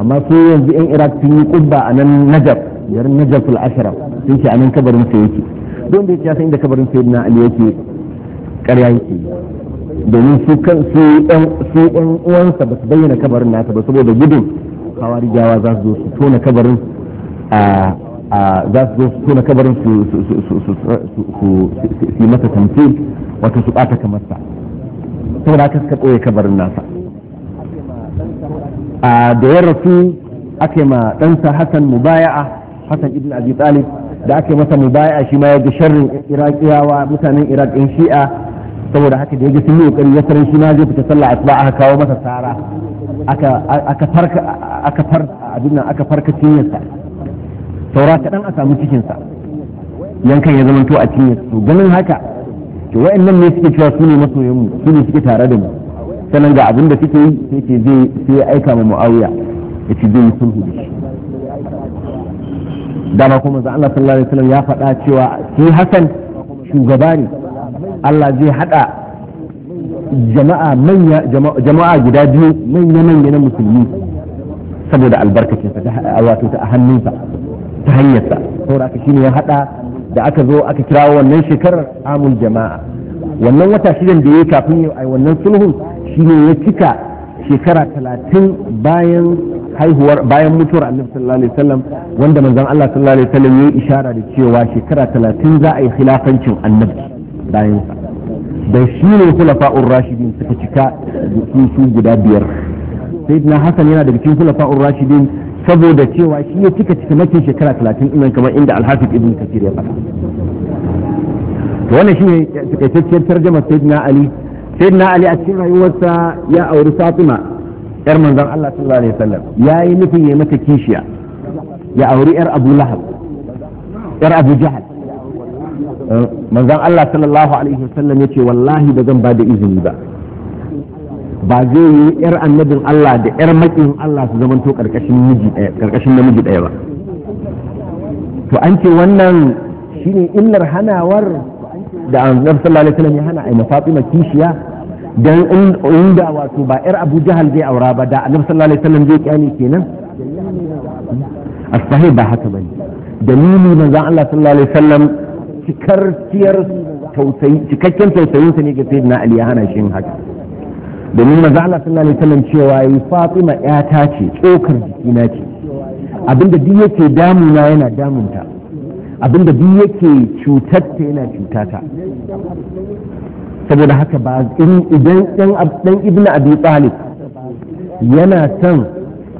amma sai yanzu yan iraq sun yi kubba a nan najaf garin najaf al-ashra sun ce a nan kabarinsa yake don da ya san inda kabarin na ali yake ƙarya yake domin su kan su ɗan uwansa ba su bayyana kabarin nasa ba saboda gudun hawarijawa za su zo su tona kabarin a a za su zo su tona kabarin su su masa tamfi wato su bata kamar sa saboda haka suka ɓoye kabarin nasa a da ya rasu ake ma ɗansa hassan mubaya'a hassan ibn abi talib da ake masa mubaya'a shi ma ya ga sharrin irakiyawa mutanen iraq ɗin shi'a saboda haka da ya ga sun yi ƙoƙari ya tarin shi ma zai fita sallah asuba aka kawo masa tsara aka farka abin nan aka farka cinyarsa saura kaɗan a samu cikinsa yankan ya zamanto a cinye su ganin haka to wa'annan ne suke cewa su ne masoyanmu su ne suke tare da mu sannan ga abin da suke yi sai ce zai sai aika ma muawiya ya ce zai yi sulhu da shi dama kuma za Allah sallallahu alaihi wasallam ya faɗa cewa shi Hassan shugaba ne Allah zai haɗa jama'a manya jama'a guda biyu manya manya na musulmi saboda albarkacinsa a wato ta hannunsa ta hanyarsa saboda aka shine ya hada da aka zo aka kirawo wannan shekarar amul jama'a wannan wata shidan da ya yi kafin a wannan sulhun shine ya cika shekara talatin bayan haihuwar bayan mutuwar annabi sallallahu alaihi wasallam wanda manzon Allah sallallahu alaihi wasallam ya ishara da cewa shekara talatin za a yi khilafancin annabi bayan da shi ne khulafa'ur rashidin suka cika su guda biyar sayyidina hasan yana daga cikin khulafa'ur rashidin saboda cewa shi ya cika cika mace shekara talatin ɗin kamar inda alhafiz ibn kafir ya faɗa to wannan shi ne takaitacciyar tarjama sayyidina ali sayyidina ali a cikin rayuwarsa ya auri fatima yar manzon Allah sallallahu alaihi wasallam yayi nufin ya mata kishiya ya auri yar abu lahab yar abu jahal eh, manzon Allah sallallahu alaihi wasallam yace wallahi ba zan ba da izini ba ba zai yi yar annabin Allah da yar makin Allah su zamanto karkashin miji eh, karkashin namiji ɗaya ba to an ce wannan shine illar hanawar da annabi sallallahu alaihi wasallam ya hana ai Fatima kishiya dan inda wato ba yar Abu Jahal zai aura ba da annabi sallallahu alaihi wasallam zai kyale kenan asahi ba haka bane dalili manzon Allah sallallahu alaihi wasallam cikar ciyar tausayi cikakken tausayin sa ne ga sayyidina Ali ya hana shi haka domin maza Allah sallallahu alaihi wasallam cewa yi Fatima ƴata ce tsokar jikina ce abinda duk yake damuna yana damunta abinda duk yake cutatta yana cutata saboda haka ba idan dan ibn abi talib yana son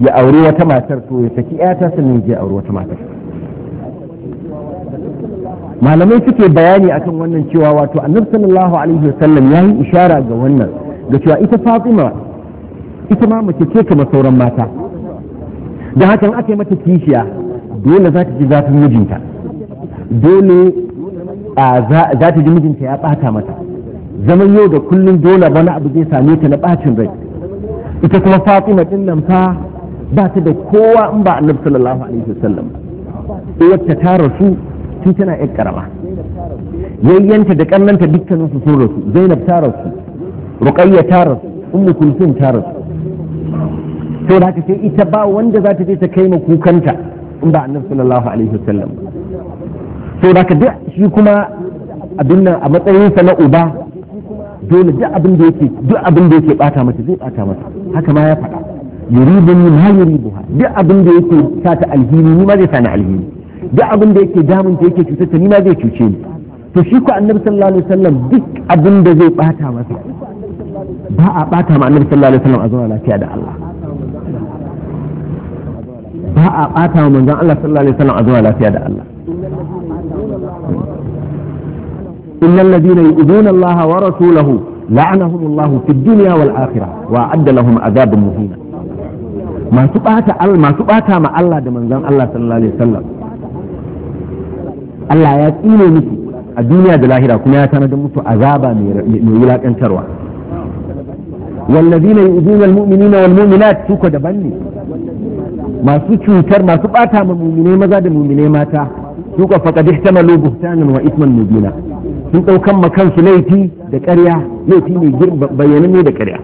ya aure wata matar to ya saki ƴata sannan ya aure wata matar malamai suke bayani akan wannan cewa wato annabi sallallahu alaihi wasallam yayi ishara ga wannan da cewa ita fatima ita ma mace ce kamar sauran mata da hakan aka mata kishiya dole za ta ji zafin mijinta dole za ta ji mijinta ya bata mata zaman yau da kullum dole wani abu zai same ta na bacin rai ita kuma fatima din nan fa ba ta da kowa in ba annabi sallallahu alaihi wasallam uwarta ta rasu tun tana yar karama yayyanta da kannanta dukkanin su sun rasu zainab ta rasu ruqayya ta rasu ummu kulsum ta rasu to da haka sai ita ba wanda za ta je ta kai ma kukanta in ba annabi sallallahu alaihi wasallam to da haka duk shi kuma abin nan a matsayinsa na uba dole duk abin da yake duk abin da yake bata mata zai bata mata haka ma ya faɗa yuriduni ma yuribuha duk abin da yake sa ta alhini ni ma zai sa ni alhini duk abin da yake damun ta yake cutar ta ni ma zai cuce ni to shi ko annabi sallallahu alaihi wasallam duk abin da zai bata masa ba a bata ma annabi sallallahu alaihi wasallam a zauna lafiya da Allah ba a bata ma manzon Allah sallallahu alaihi wasallam a zauna lafiya da Allah innal ladina yu'duna Allah wa rasulahu la'anahum Allah fid dunya wal akhirah wa adda lahum muhina masu bata ma Allah da manzon Allah sallallahu alaihi Allah ya tsine miki a duniya da lahira kuma ya tanadar musu azaba mai wallazina yu'zuna almu'minina walmu'minat su ko daban masu cutar masu bata ma maza da mu'mine mata su ko faqad ihtamalu buhtanan wa isman mubina sun daukan ma kansu laifi da ƙarya laifi ne bayanan ne da ƙarya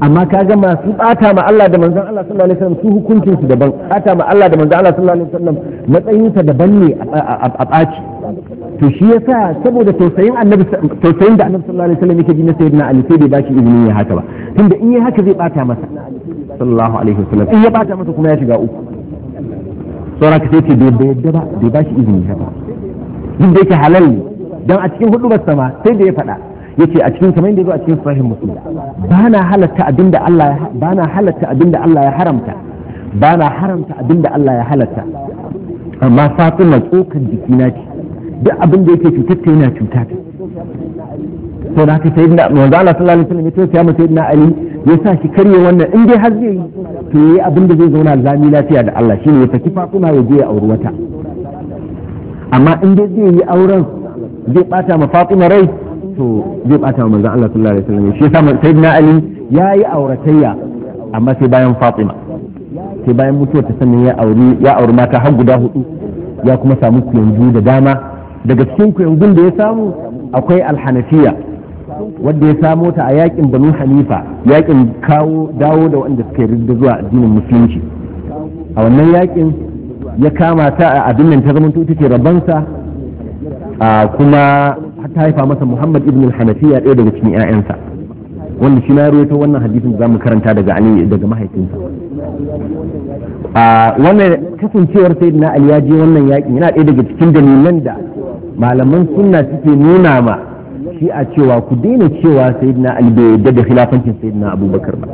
amma kaga masu bata ma Allah da manzon Allah sallallahu alaihi wasallam su hukuncin daban bata ma Allah da manzon Allah sallallahu alaihi wasallam matsayin daban ne a ɓaci to shi ya sa saboda tausayin annabi tausayin da annabi sallallahu alaihi wasallam yake ji na sayyidina ali sai bai ba shi izini ya haka ba tunda in yi haka zai bata masa sallallahu alaihi wasallam in ya bata masa kuma ya shiga uku saura ka sai ce bai yadda ba bai ba shi izini haka duk da yake halal ne dan a cikin hudu sama sai da ya faɗa yace a cikin kamar yadda zo a cikin sahih muslim bana halatta abinda Allah ya bana halatta abinda Allah ya haramta bana haramta abinda Allah ya halatta amma fatima tsokan jikina ce duk abin da yake cutatta yana cuta ta sau da haka sai da wanzu ala sallallahu alaihi wasallam ya ya mace sayyidina Ali ya sa shi karye wannan in dai har zai yi to yayi abin da zai zauna zami lafiya da Allah shine ya saki fakuna ya je ya auri wata amma in dai zai yi auren zai bata ma Fatima rai to zai bata ma manzo Allah sallallahu alaihi wasallam shi yasa sayyidina Ali yi auratayya amma sai bayan Fatima sai bayan mutuwar ta sannan ya auri ya auri mata har guda hudu ya kuma samu kuyanju da dama daga cikin kuyangun da ya samu akwai alhanafiya wadda ya samo ta a yakin banu hanifa yakin kawo dawo da wanda suka yarda zuwa addinin musulunci a wannan yakin ya kama ta a abin ta zamanto ita ce rabansa kuma ta haifa masa muhammad ibn alhanafiya hanafiya ɗaya daga cikin 'ƴa'ƴansa wanda shi na ruwaito wannan hadisin da zamu karanta daga ali daga mahaifinsa a wannan kasancewar sayyidina ali ya je wannan yakin yana ɗaya daga cikin dalilan da malaman sunna suke nuna ma shi a cewa ku daina cewa sayyidina ali bai yadda da khilafancin sayyidina abubakar ba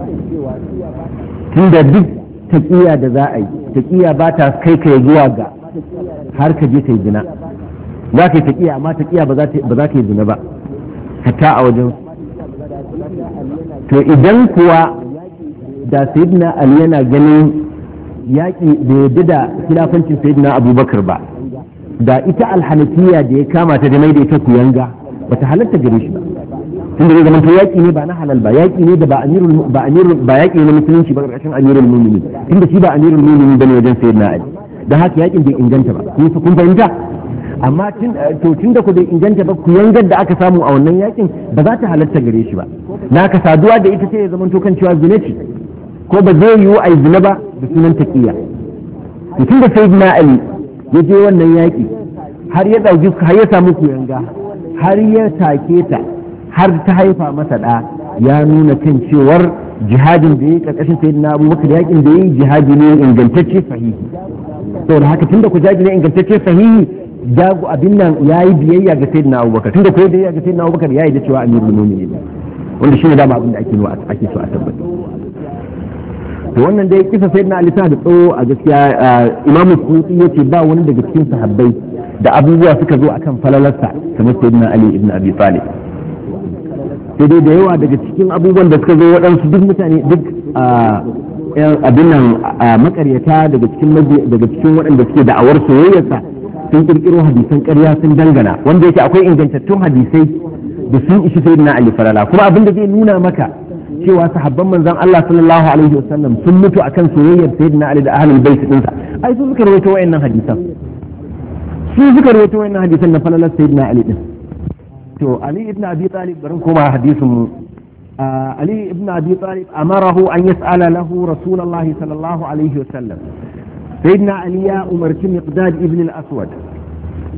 tunda duk taqiya da za a yi taqiya ba ta kai kai zuwa ga har ka je kai zina za ka yi taqiya amma taqiya ba za ka yi zina ba hatta a wajen to idan kuwa da sayyidina ali yana ganin yaƙi bai yadda da khilafancin sayyidina abubakar ba da ita alhanafiya da ya kama ta da mai da ita kuyanga bata halatta gare shi ba Tun da zai zama to yaƙi ne ba na halal ba yaƙi ne da ba amirul ba amirul ba yaƙi ne musulunci ba ƙarƙashin amirul mu'minin da shi ba amirul mu'minin bane wajen na ali dan haka yaƙin bai inganta ba kun kun fahimta amma tun to tunda ku bai inganta ba ku yangar da aka samu a wannan yaƙin ba za ta halatta gare shi ba na ka saduwa da ita sai ya zama to kan cewa zina ce ko ba zai yiwu a yi zina ba da sunan taqiya tunda sayyidina ali ya je wannan yaƙi har ya ɗauki har ya samu kuyanga har ya take ta har ta haifa masa ɗa ya nuna kan cewar jihadin da ya yi ƙarƙashin sayi na abubakar yaƙin da ya yi jihadi ne ingantacce sahihi da haka tunda ku jaji ne ingantacce sahihi jago abin nan ya yi biyayya ga sayi na abubakar tunda ku yi biyayya ga sayi na abubakar ya yi da cewa amirul mu'minin wanda shi ne dama abin da ake so a tabbatar. to wannan dai kisa sai na alisa da tsawo a gaskiya imamu kuɗi ya ce ba wani daga cikin sahabbai da abubuwa suka zo akan falalarsa kamar sai na ali ibn abi talib sai dai da yawa daga cikin abubuwan da suka zo waɗansu duk mutane duk abin nan makaryata daga cikin daga cikin waɗanda suke da'awar soyayyarsa sun kirkiro hadisan ƙarya sun dangana wanda yake akwai ingantattun hadisai da sun ishi sai na ali falala kuma abin da zai nuna maka cewa sahabban manzan Allah sallallahu alaihi wasallam sun mutu akan soyayyar sayyidina Ali da ahlul bait dinsa ai su suka rawaito wayannan hadisan su suka rawaito wayannan hadisan na falalar sayyidina Ali din to Ali ibn Abi Talib barin koma hadisin mu Ali ibn Abi Talib amarahu an yas'ala lahu Rasulullahi sallallahu alaihi wasallam sayyidina Ali ya umarci Miqdad ibn al-Aswad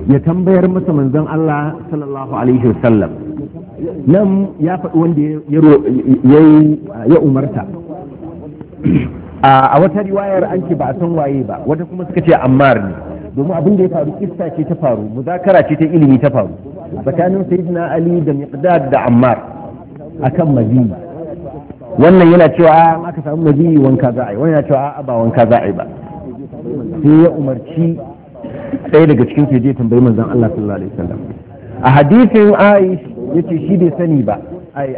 ya tambayar masa manzon Allah sallallahu alaihi wasallam nan ya faɗi wanda ya umarta a wata riwayar an ce ba a san waye ba wata kuma suka ce ammar ne domin abin da ya faru kista ce ta faru muzakara ce ta ilimi ta faru tsakanin sayyidina ali da miqdad da ammar akan maziyi wannan yana cewa a aka samu maziyi wanka za a yi wannan yana cewa a'a ba wanka za yi ba sai ya umarci ɗaya daga cikin ke je tambayi manzon Allah sallallahu alaihi wasallam a hadisin aish ya ce shi bai sani ba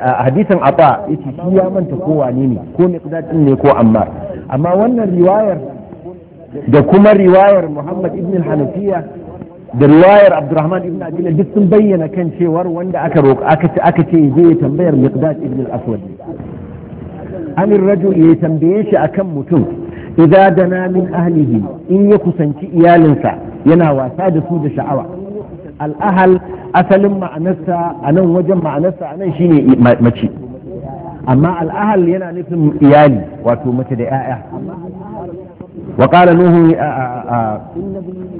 a hadisin ata ya ce shi ya manta ko wane ne ko miqdadin ne ko amma. amma wannan riwayar da kuma riwayar muhammad ibn hanafiya da riwayar abdurrahman ibn abdullah duk sun bayyana kan cewar wanda aka roƙa aka ce aka ce zai tambayar miqdad ibn al-aswad an rajul ya tambaye shi akan mutum idza dana min ahlihi in ya kusanci iyalinsa yana wasa da su da sha'awa al'ahal asalin ma'anarsa a nan wajen ma'anarsa a nan shine mace amma al'ahal yana nufin iyali wato mace da 'ya'ya وقال نوح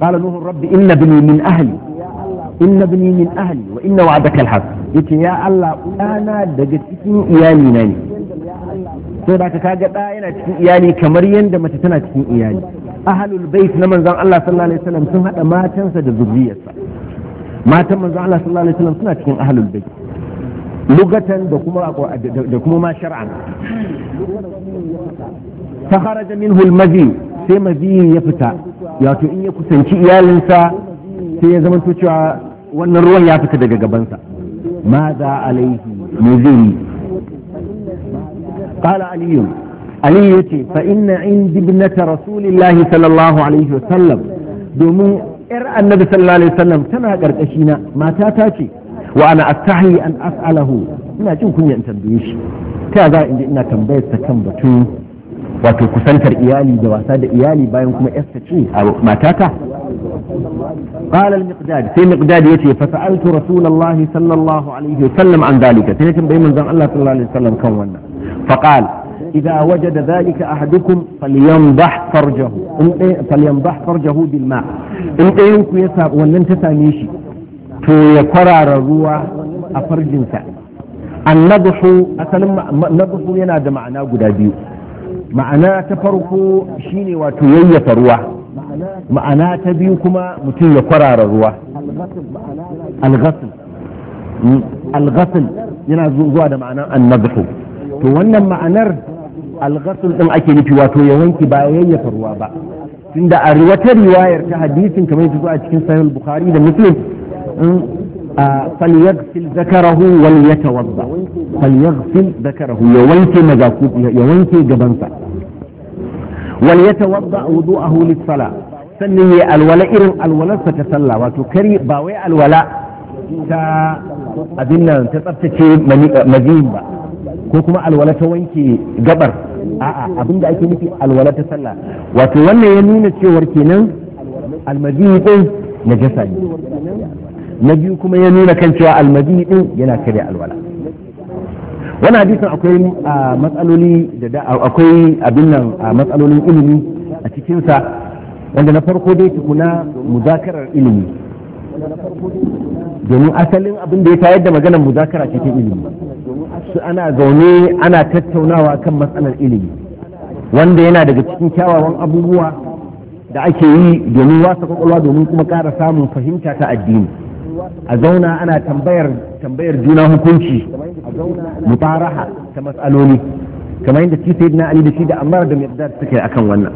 قال نوح رب إن ابني من أهلي إن ابني من أهلي وإن وعدك الحق yace ya Allah ɗana daga cikin iyali na ne to da ka ga ɗa yana cikin iyali kamar yadda mace tana cikin iyali ahalul bait na manzon Allah sallallahu alaihi wasallam sun hada matansa da zuriyarsa matan manzo Allah sallallahu alaihi wasallam suna cikin ahlul bait lugatan da kuma da kuma ma shar'an fa kharaja minhu al-mazi sai mazi ya fita wato in ya kusanci iyalinsa sai ya zama to cewa wannan ruwan ya fita daga gabansa ma za alaihi me zai yi قال علي علي يتي فإن عند ابنة رسول الله صلى الله عليه وسلم دومين yar annabi sallallahu alaihi wasallam tana karkashi na matata ce wa ana astahi an as'alahu ina jin kunya in tambaye shi ta za in ina tambayar ta kan batu wato kusantar iyali da wasa da iyali bayan kuma yar ce a matata sai المقداد ya ce يتي فسألت رسول الله صلى الله عليه an عن ذلك سنة بين من الله صلى الله عليه وسلم كون فقال إذا وجد ذلك أحدكم فلينضح فرجه فلينضح فرجه بالماء إن أيوك يساب ولن تساميشي تو يقرار الروى أفرج سعيد النضح أسلم نضح ينادى معنا قدابيو ma'ana ta farko shine wato yayyafa ruwa ma'ana ta biyu kuma mutum ya kwarara ruwa alghasil yana zuwa da ma'anar annadhu to wannan ma'anar alghasul din ake nufi wato ya wanke ba yayyafa ruwa ba tunda a wata riwayar ta hadisin kamar yadda a cikin sahih bukhari da muslim ya wanke وليتوضا فليغسل ذكره يوانكي مذاكوب يوانكي جبنسا وليتوضا وضوءه Sala sannan ya alwala irin alwalarsa ta sallah wato kari ba wai alwala ta abin nan ta tsaftace mazihin ba ko kuma alwala ta wanke gabar a'a abinda ake nufi alwala ta sallah wato wannan ya nuna cewar kenan almadi din jasa ne na biyu kuma ya nuna kan cewa almadi din yana karya alwala wani hadisin akwai matsaloli da akwai abin nan matsalolin ilimi a cikinsa wanda na farko dai tukuna muzakarar ilimi domin asalin abin da ya tayar da maganar muzakara cikin ilimi ana zaune ana tattaunawa kan matsalar ilimi wanda yana daga cikin kyawawan abubuwa da ake yi domin wasa kwakwalwa domin kuma ƙara samun fahimta ta addini a zauna ana tambayar tambayar juna hukunci mutaraha ta matsaloli kamar yadda shi sayyidina ali da shi da amara da miqdad suke akan wannan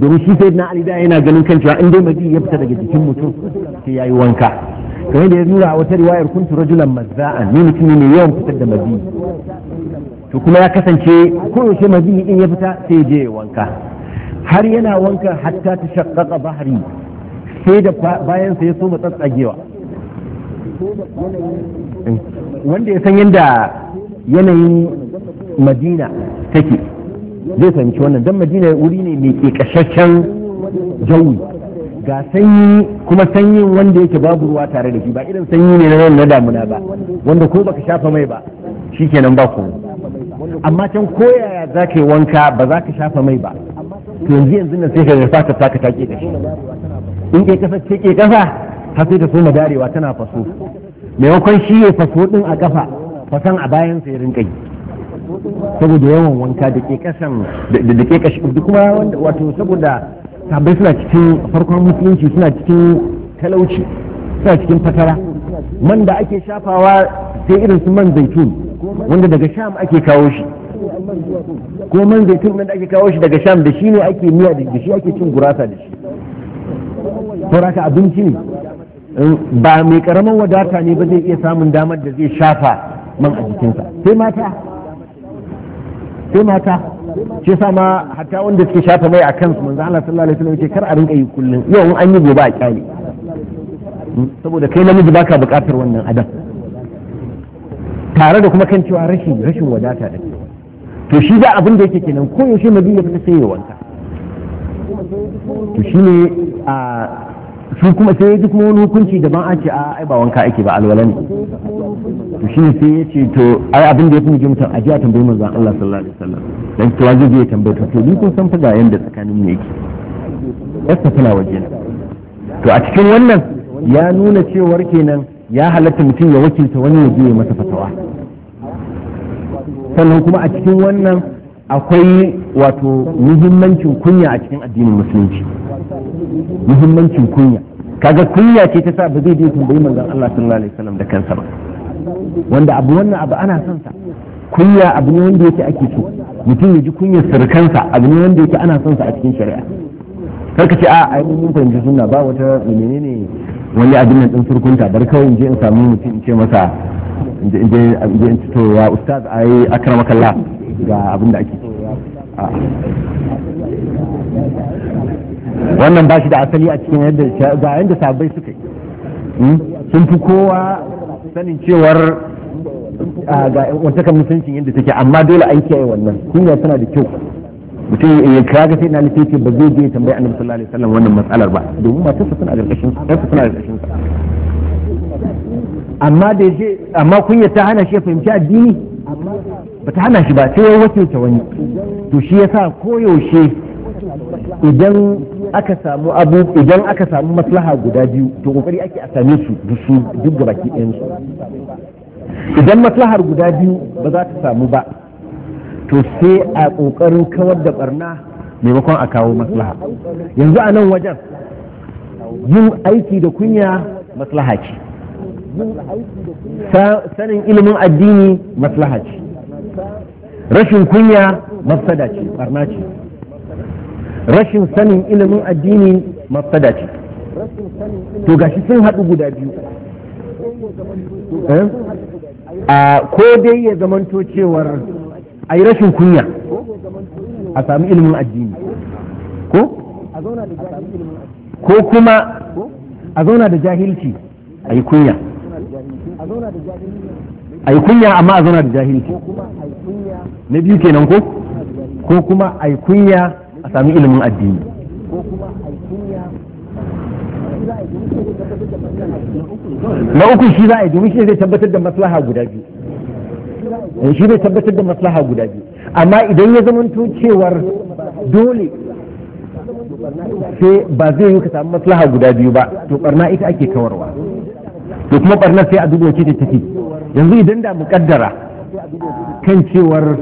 domin shi sayyidina ali da yana ganin kan cewa in dai maji ya fita daga jikin mutum sai yayi wanka kamar da ya nuna a wata riwayar kuntu rajulan mazza'an ni mutum ne yawan fitar da mazi to kuma ya kasance koyaushe mazi in ya fita sai je ya wanka har yana wanka hatta ta shakkaka bahari sai da bayansa ya so matsatsagewa wanda ya san yadda yanayin madina take zai fahimci wannan dan madina wuri ne mai kekashashen jawi ga sanyi kuma sanyin wanda yake babu ruwa tare da shi ba irin sanyi ne na na damuna ba wanda ko baka shafa mai ba shi shikenan ba komai amma can koyaya za ka yi wanka ba za ka shafa mai ba to yanzu yanzu nan sai ka ga fata ta ka take da shi in ke kasa ce ke kasa ta sai ta soma darewa tana faso maimakon shi ya faso din a kafa fasan a bayan sai rinka yi saboda yawan wanka da ke kasan da ke kashi kuma wato saboda sabai suna cikin farkon musulunci suna cikin talauci suna cikin fatara man da ake shafawa sai irin su man zaitun wanda daga sham ake kawo shi ko man zaitun wanda ake kawo shi daga sham da shi ne ake miya da shi ake cin gurasa da shi sauraka abinci ne ba mai karamin wadata ne ba zai iya samun damar da zai shafa man a jikinsa sai mata sai mata shi sama hatta wanda suke shafa mai a kansu manzo Allah sallallahu alaihi wasallam yake kar a rinka yi kullun yau an yi gobe a kyale hmm? saboda kai namiji baka bukatar wannan adam tare da kuma kan cewa rashin rashin wadata da to shi da abin da yake kenan ko yaushe nabi ya fita sai ya wanka to ne a su kuma sai ya ji kuma wani hukunci da ban a ce a ai ba wanka ake ba alwala ne to ne sai ya ce to ai abin da ya fi mutum ajiya tambayi manzon Allah sallallahu alaihi wasallam dan kowa zai je tambaye to ni kun san fa ga yanda tsakanin mu yake yasta tana waje to a cikin wannan ya nuna cewar kenan ya halatta mutum ya wakilta wani ya je masa fatawa sannan kuma a cikin wannan akwai wato muhimmancin kunya a cikin addinin musulunci muhimmancin kunya kaga kunya ce ta sa ba zai je tambayi manzon Allah sallallahu alaihi wasallam da kansa ba wanda abu wannan abu ana son sa kunya abu ne wanda yake ake so mutum ya ji kunya sirkansa abu ne wanda yake ana son sa a cikin shari'a kar ka ce a ai mun fahimci sunna ba wata menene wani abin nan din surkunta bar kawai in je in samu mutum in ce masa in je in ci in to ya ustaz ai akramakallah ga abin da ake wannan ba shi da asali a cikin yadda ga yadda sabai suka yi hmm? sun fi kowa sanin cewar ga wantakan mutuncin yadda take amma dole an kiyaye wannan kunya tana da kyau mutum ya kaga sai na nufi ce ba zai je tambayi annabi sallallahu alaihi wasallam wannan matsalar ba domin matarsa tana karkashin sa tana karkashin sa amma da yace amma kunya ta hana shi fahimci addini ba ta hana shi ba sai ya ta wani to shi yasa koyaushe idan aka samu abu idan aka samu maslaha guda biyu to kokari ake a same su duk su duk gabaki ɗayan su idan maslahar guda biyu ba za ta samu ba to sai a ƙoƙarin kawar da barna maimakon a kawo maslaha yanzu a nan wajen yin aiki da kunya maslaha ce sanin ilimin addini maslaha ce rashin kunya mafsada ce barna ce rashin sanin ilimin addini mafsada ce to gashi sun haɗu guda biyu eh? ko dai ya zamanto cewar a yi rashin kunya a sami ilimin addini ko ko kuma a zauna da jahilci a yi kunya a yi kunya amma a zauna da jahilci na biyu kenan ko ko kuma a yi kunya a sami ilimin addini na uku shi za a yi domin shi zai tabbatar da maslaha guda biyu eh, shi zai tabbatar da maslaha guda biyu amma idan ya zamanto cewar dole sai ba zai yi ka samu maslaha guda biyu ba to barna ita ake kawarwa to kuma barnar sai a dubo wace ta take yanzu idan da mu kaddara kan cewar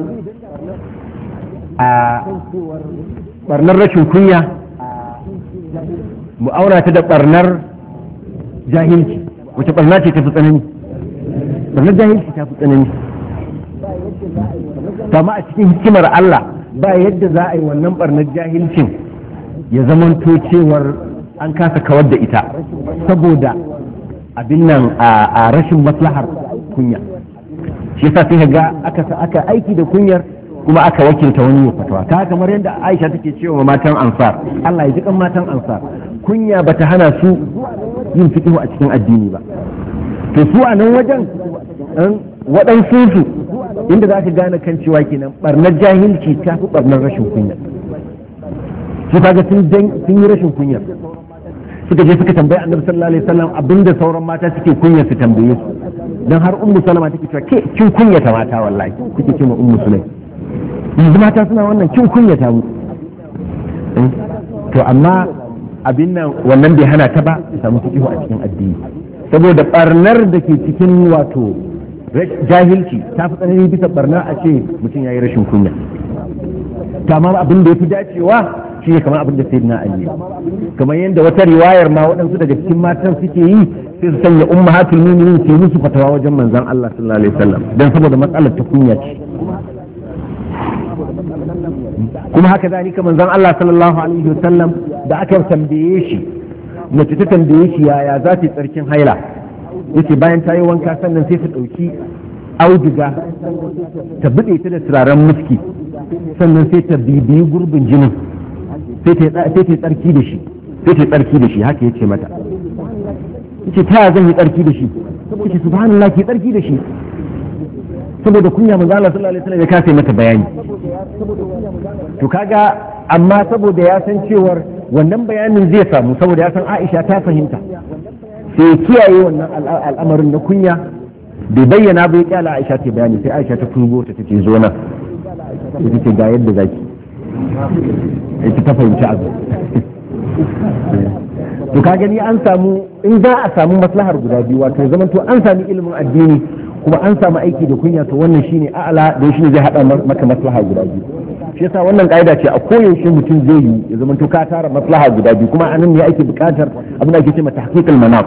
a barnar rashin kunya mu auna ta da barnar jahilci wace barna ce ta fi tsanani barnar jahilci ta fi tsanani kama a cikin hikimar Allah ba yadda za a yi wannan barnar jahilcin ya zamanto cewar an kasa kawar da ita saboda abin nan a rashin maslahar kunya shi yasa sai ga aka aka aiki da kunyar kuma aka wakilta wani fatawa ta kamar yadda Aisha take cewa matan Ansar Allah ya ji kan matan Ansar kunya bata hana su yin fiqh a cikin addini ba to su a nan wajen waɗansu su inda za ka gane kan cewa kenan barnar jahilci ta fi barnar rashin kunya su kaga sun yi rashin kunya suka je suka tambayi annabi sallallahu alaihi wasallam abinda sauran mata suke kunya su tambaye su dan har ummu salama take cewa ke kin kunyata mata wallahi kuke cewa ummu sulaim yanzu mata suna wannan kin kunyata mu eh, to amma abin nan wannan bai hana ta ba ta samu fiqhu a cikin addini saboda barnar da ke cikin wato jahilci ta fi tsanani bisa barnar a ce mutum ya yi rashin kunya kamar abin da ya fi dacewa shi ne kamar abin da sai na ali kamar yadda wata riwayar ma waɗansu daga cikin matan suke yi sai su sanya ummahatul mu'minin ke musu fatawa wajen manzan Allah sallallahu alaihi wasallam dan saboda matsalar ta kunya ce kuma haka zalika manzon Allah sallallahu alaihi wasallam da aka tambaye shi mace ta tambaye shi yaya za ta yi tsarkin haila yace bayan ta yi wanka sannan sai ta ɗauki auduga ta buɗe ta da turaren muski sannan sai ta bibiyi gurbin jinin sai ta yi tsarki da shi sai ta yi tsarki da shi haka yace mata yace ta zan yi tsarki da shi yace subhanallah ki tsarki da shi saboda kunya manzo Allah sallallahu alaihi wasallam ya kafe mata bayani to kaga amma saboda ya san cewar wannan bayanin zai samu saboda ya san aisha ta fahimta sai kiyaye wannan al'amarin na kunya bai bayyana bai kyala aisha ta bayani sai aisha ta kungo ta take zo nan ita ce ga yadda zaki ita ta fahimci abu to ka gani an samu in za a samu maslahar guda biyu wato zaman to an sami ilimin addini kuma an samu aiki da kunya to wannan shine a'ala da shine zai hada maka maslaha guda biyu shi yasa wannan kaida ce a koyaushe mutum zai yi ya zama to ka tara maslaha guda biyu kuma anan ne ake bukatar abin da ake cewa tahqiqul manaf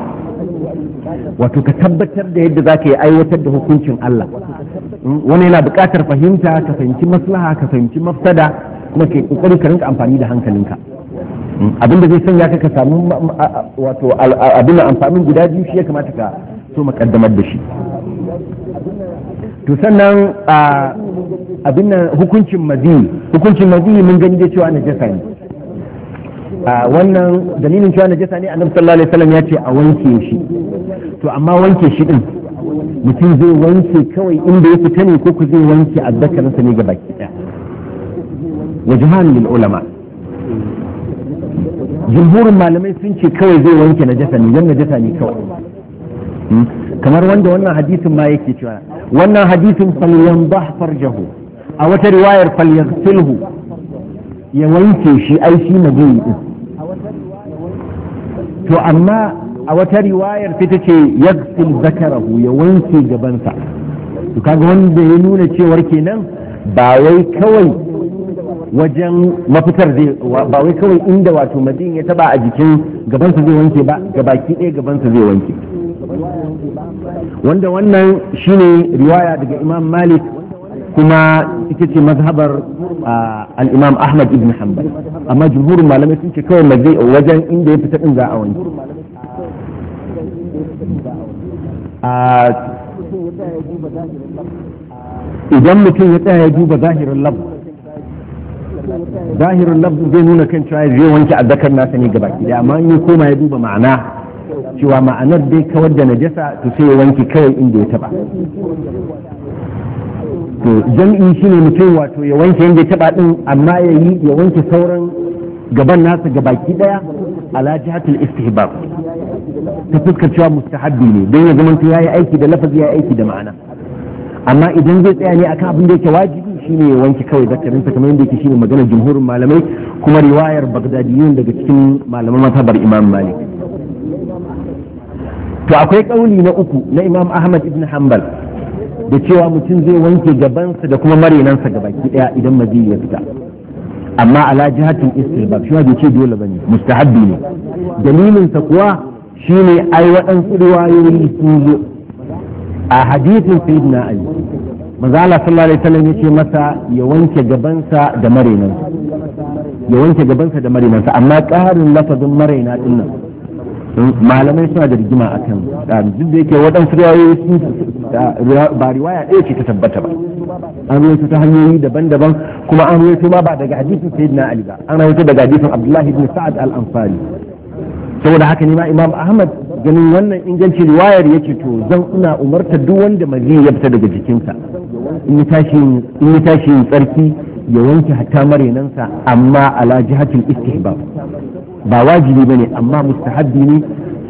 wato ka tabbatar da yadda zaka yi aiwatar da hukuncin Allah hmm? wani yana bukatar fahimta ka fahimci maslaha ka fahimci mafsada kuma kai kokari ka rinka amfani da hankalinka hmm? abin da zai sanya ka ka samu wato abin amfanin guda biyu shi ya kamata ka so mu kaddamar da shi to sannan a abin nan hukuncin mazi hukuncin mazi mun gani da cewa najasa ne a wannan dalilin cewa najasa ne annabi sallallahu alaihi wasallam ya ce a wanke shi to amma wanke shi din mutum zai wanke kawai inda ya fita ne ko ku zai wanke azzakarinsa ne ga baki daya wajahan lil ulama jumhurin malamai sun ce kawai zai wanke najasa ne dan najasa ne kawai kamar wanda wannan hadisin ma yake cewa wannan hadisin falyanbah farjahu a wata riwayar silhu ya wanke shi ai shi zai din to amma a wata riwayar fita ce yaghsil zakarahu ya wanke gabansa to kaga wanda ya nuna cewar kenan ba wai kawai wajen mafitar zai ba wai kawai inda wato madin ya taba a jikin gabansa zai wanke ba gabaki ɗaya gabansa zai wanke wanda wannan shine riwaya daga imam malik kuma ita ce mazhabar al-imam ahmad ibn hanbal amma jumhurin malamai sun ce kawai mazai wajen inda ya fita din za a wanke idan mutum ya tsaya ya duba zahirin lab zahirin lab zai nuna kan cewa zai wanke azzakar nasa ne gaba ki amma in ya koma ya duba ma'ana cewa ma'anar dai kawar da najasa to sai ya wanke kawai inda ya taba to jam'i shine mutum wato ya wanke inda ya taba din amma ya yi ya wanke sauran gaban nasa ga baki daya ala jihatul istihbab ta fuskar cewa mustahabbi ne don ya zama ya yi aiki da lafazi ya aiki da ma'ana amma idan zai tsaya ne akan abin da yake wajibi shine ya wanke kawai ta, kamar yadda yake shine maganar jumhurin malamai kuma riwayar bagdadiyun daga cikin malaman mazhabar imam malik to akwai kauli na uku na imam ahmad ibn hanbal da cewa mutum zai wanke gabansa da kuma marinansa gabaki daya idan mazi ya fita amma ala jihatin istihbab shi bai ce dole bane mustahabbi ne dalilin sa kuwa shine ai waɗansu riwayoyi sun zo a hadithin sayyidina ali manzo Allah sallallahu alaihi wasallam yace masa ya wanke gabansa da marinansa ya wanke gabansa da marinansa amma ƙarin lafazin maraina nan. malamai suna da rigima a kan duk da yake waɗansu riwayoyi sun ba riwaya ɗaya ce ta tabbata ba an rawaito ta hanyoyi daban-daban kuma an rawaito ma ba daga hadisin sayyidina ali ba an rawaito daga hadisin abdullahi ibn sa'ad al amfani saboda haka ne ma imam ahmad ganin wannan inganci riwayar yake to zan ina umarta duk wanda mazi ya fita daga jikinsa in yi tashi yin tsarki ya wanke hatta marinansa amma ala jihatin istihbab ba wajibi ba ne amma mustahabbi ne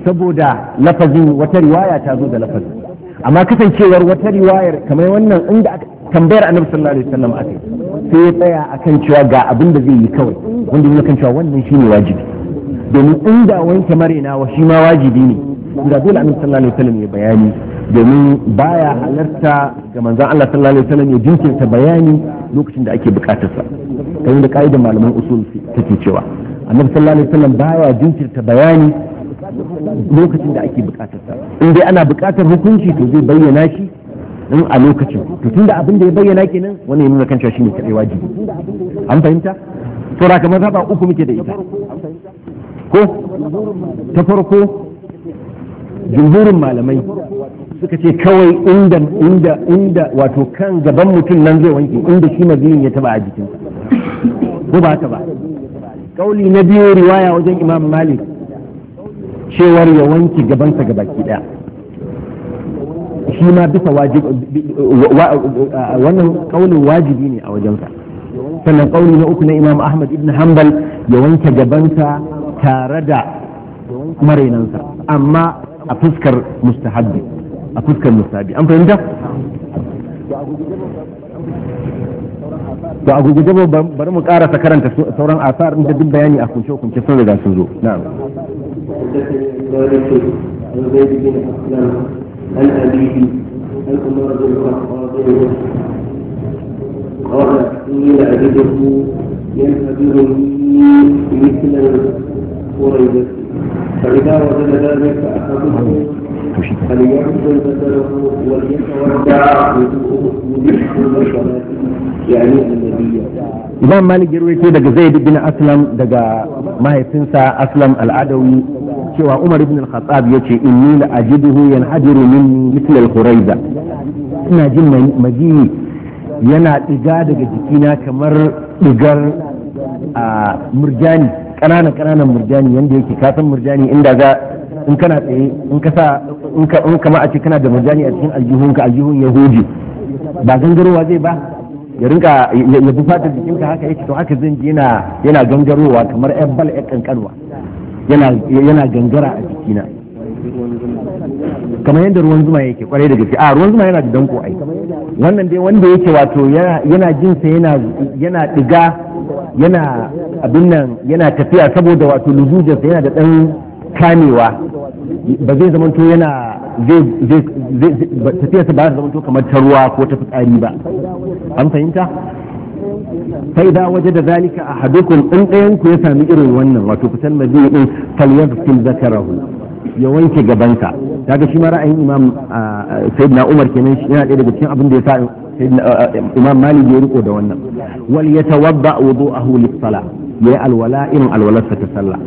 saboda lafazin wata riwaya ta zo da lafazin amma kasancewar wata riwayar kamar wannan inda tambayar annabi sallallahu alaihi wasallam akai sai ya tsaya akan cewa ga abin da zai yi kawai wanda ya kan cewa wannan shine wajibi domin inda wanke marina wa shi ma wajibi ne da dole annabi sallallahu alaihi wasallam ya bayani domin baya halarta ga manzon Allah sallallahu alaihi wasallam ya jinkirta bayani lokacin da ake bukatarsa kamar da ka'idar malaman usul take cewa annabi sallallahu alaihi wasallam baya jinkirta bayani lokacin da ake bukatar sa in dai ana bukatar hukunci to zai bayyana shi in a lokacin to tunda abin da ya bayyana kenan wani ya nuna kanta shine kadai wajibi an fahimta saura kamar zaba uku muke da ita ko ta farko jumhurin malamai suka ce kawai inda inda inda wato kan gaban mutum nan zai wanke inda shi mazinin ya taba a jikinsa ko ba ta ba kauli na biyu riwaya wajen imam malik cewar ya wanke gabansa ga baki daya shi ma bisa wannan kaulin wajibi ne a wajensa sannan kauli na uku na imam ahmad ibn hanbal ya wanke gabansa tare da marainansa amma a fuskar mustahabbi a fuskar an fahimta to a guje gaba bari mu karasa karanta sauran asar inda duk bayani a kunce kunce sun riga sun zo na'am عن أبيه قال إني لأجده ينتظرني مثل القريبة فإذا وجد ذلك أخذته to imam malik ya rawaito daga zaid bin aslam daga mahaifinsa aslam al'adawi cewa umar ibn al-khattab yace inni la ajiduhu yanhadiru minni mithl al-khuraiza ina jin maji yana diga daga jikina kamar digar a murjani ƙananan ƙananan murjani yanda yake kasan murjani inda za in kana tsaye in ka sa in kama a ce kana da majani a cikin aljihunka aljihun ya ba gangarowa zai ba ya rinka ya bi fatar jikinka haka yake to haka zan ji yana gangarowa kamar yan bal yan kankanwa yana gangara a jikina kamar yadda ruwan zuma yake kwarai da gaske a ruwan zuma yana da danko ai wannan dai wanda yake wato yana jinsa yana yana diga yana abin nan yana tafiya saboda wato lujujarsa yana da dan kamewa ba zai zamanto yana tafiyarsa ba zama kamar ta ruwa ko ta fitsari ba an fahimta sai da waje da zalika a hadukun ɗan ɗayan ku ya sami irin wannan wato kusan madina ɗin falyafkin zakarahu ya wanke gabanka daga shi ma ra'ayin imam na umar kenan shi yana ɗaya daga cikin abin da ya sa imam malik ya riko da wannan wal yatawabba wudu'ahu lis-salah ya alwala irin alwalarsa ta sallah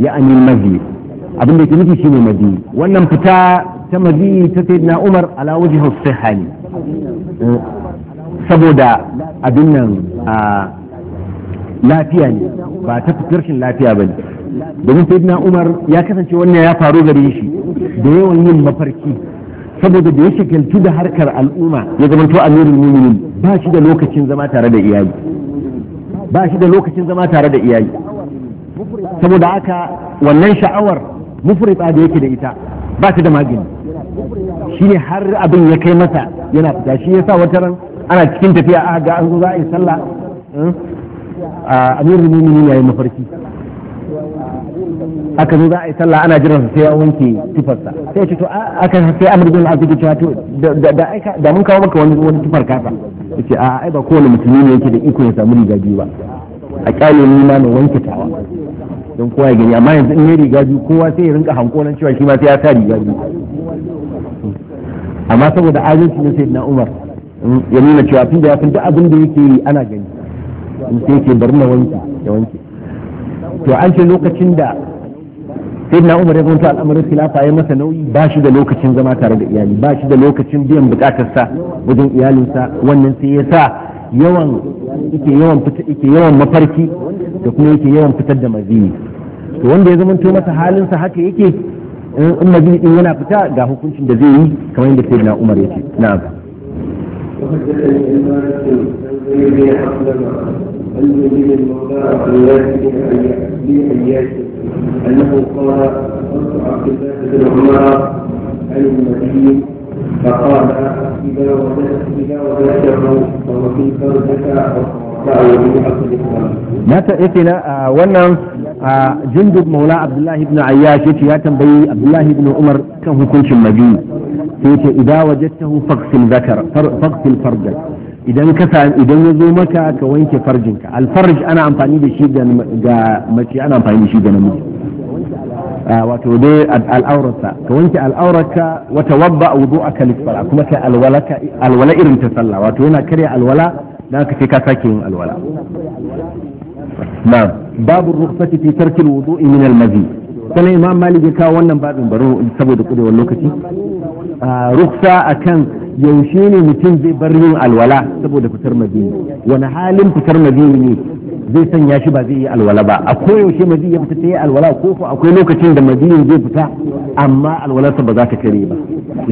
ya anil majlis abin da ke nufi shine madi wannan fita ta madi ta sayyidina Umar ala wajhi sihhani saboda abin nan lafiya ne ba ta rashin lafiya ba ne. domin sayyidina Umar ya kasance wannan ya faru gare shi da yawan yin mafarki saboda da ya shagaltu da harkar al'umma ya zama to amirul mu'minin ba shi da lokacin zama tare da iyali ba shi da lokacin zama tare da iyali saboda haka wannan sha'awar mufrita da yake da ita ba ta da magani shine har abin ya kai mata yana fita shi yasa wata ran ana cikin tafiya a ga an zo za a yi sallah eh, a amir mu'minin yayin mafarki aka zo za a yi sallah ana jiran sai ya wanke tufarsa sai ce to aka sai amir bin al-aziki cewa to da mun kawo maka wani wani tufar kasa yace a ai ba kowane mutum ne yake da iko ya samu riga biyu ba a kyale ni ma na wanke tawa don kowa ya gani amma yanzu in ya riga biyu kowa sai ya rinka hankonan cewa shi ma sai ya sa riga biyu amma saboda adalci na sayyidina umar ya nuna cewa tun da ya san duk abin da yake yi ana gani in sai yake bari na wanke ya wanke to an ce lokacin da sayyidina umar ya zama al'amarin khilafa ya masa nauyi ba shi da lokacin zama tare da iyali ba shi da lokacin biyan bukatarsa wajen iyalinsa wannan sai ya sa yawan yake yawan mafarki da kuma yake yawan fitar da mazini to wanda ya zamanto masa halinsa haka yake in majini din yana fita ga hukuncin da zai yi kamar yadda sayyidina Umar yake na'am المؤمن المولى الوالد بن ياسر انه قال قلت عبد الله بن عمر عن النبي فقال اذا وجدت اذا وجدته فوفيك وجدك na ta yace na wannan jundub maula abdullahi ibn ayyash yace ya tambayi abdullahi ibn umar kan hukuncin mabi sai yace idza wajadtahu faqsil zakar faqsil farjan idan ka idan ya maka ka wanke farjinka alfarj ana amfani da shi ga mace ana amfani da shi ga namiji wato dai al'aurarsa ka wanke al'aurarka wata wabba a wudu a kalifar kuma ka alwala irin ta sallah wato yana karya alwala da aka sai ka sake yin alwala na'am babu rukhsati fi tarki alwudu'i min almazi sanan imam malik ya kawo wannan babin baro saboda kudewar lokaci ah, rukhsa akan yaushe ne mutum zai bar yin alwala saboda fitar madini wani halin fitar madini ne zai sanya shi ba zai yi alwala ba a koyaushe madini ya fita ta yi alwala ko ko akwai lokacin da madini zai fita amma alwalarsa ba za ta kare ba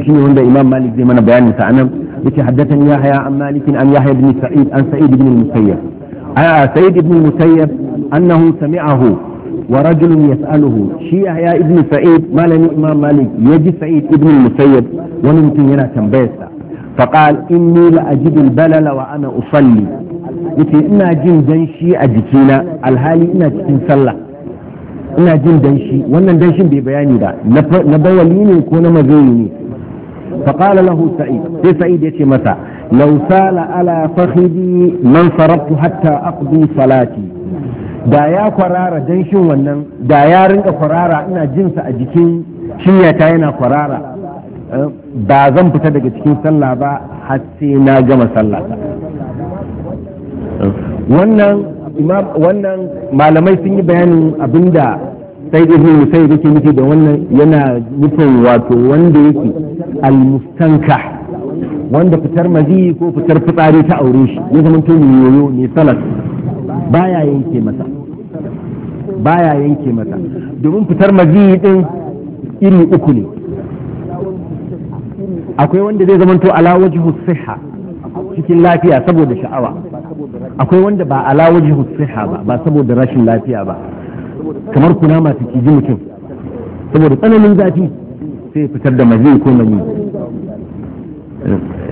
shi ne wanda imam malik zai mana bayanin sa anan yace haddathani yahya an malik an yahya sa'id an sa'id ibn musayyab a sa'id ibn musayyab annahu sami'ahu wa rajulun yas'aluhu shi yahya ibn sa'id malami imam malik yaji sa'id ibn musayyab wani mutum yana tambayarsa فقال إني لأجد البلل وأنا أصلي yace ina jin danshi a jikina alhali ina cikin sallah ina jin danshi wannan danshin bai bayani ba na bawali ne ko na mazoyi ne فقال له سعيد في سعيد يتي متى لو سال على فخذي من فربت حتى أقضي صلاتي da ya kwarara danshin wannan da ya rinka kwarara ina jinsa a jikin shinyata yana kwarara ba zan fita daga cikin sallah ba har na gama sallah wannan malamai sun yi bayanin abinda sai ibn da ke nufi da wannan yana nufin wato wanda yake almustanka wanda fitar mazi ko fitar fitsari ta aure shi ya zama to yoyo mai salat baya yanke masa baya yanke masa domin fitar mazi din iri uku ne akwai wanda zai zama to ala wajhu sihha cikin lafiya saboda sha'awa akwai wanda ba ala wajhu sihha ba ba saboda rashin lafiya ba kamar kuna masu kiji mutum saboda tsananin zafi sai fitar da mazi ko mani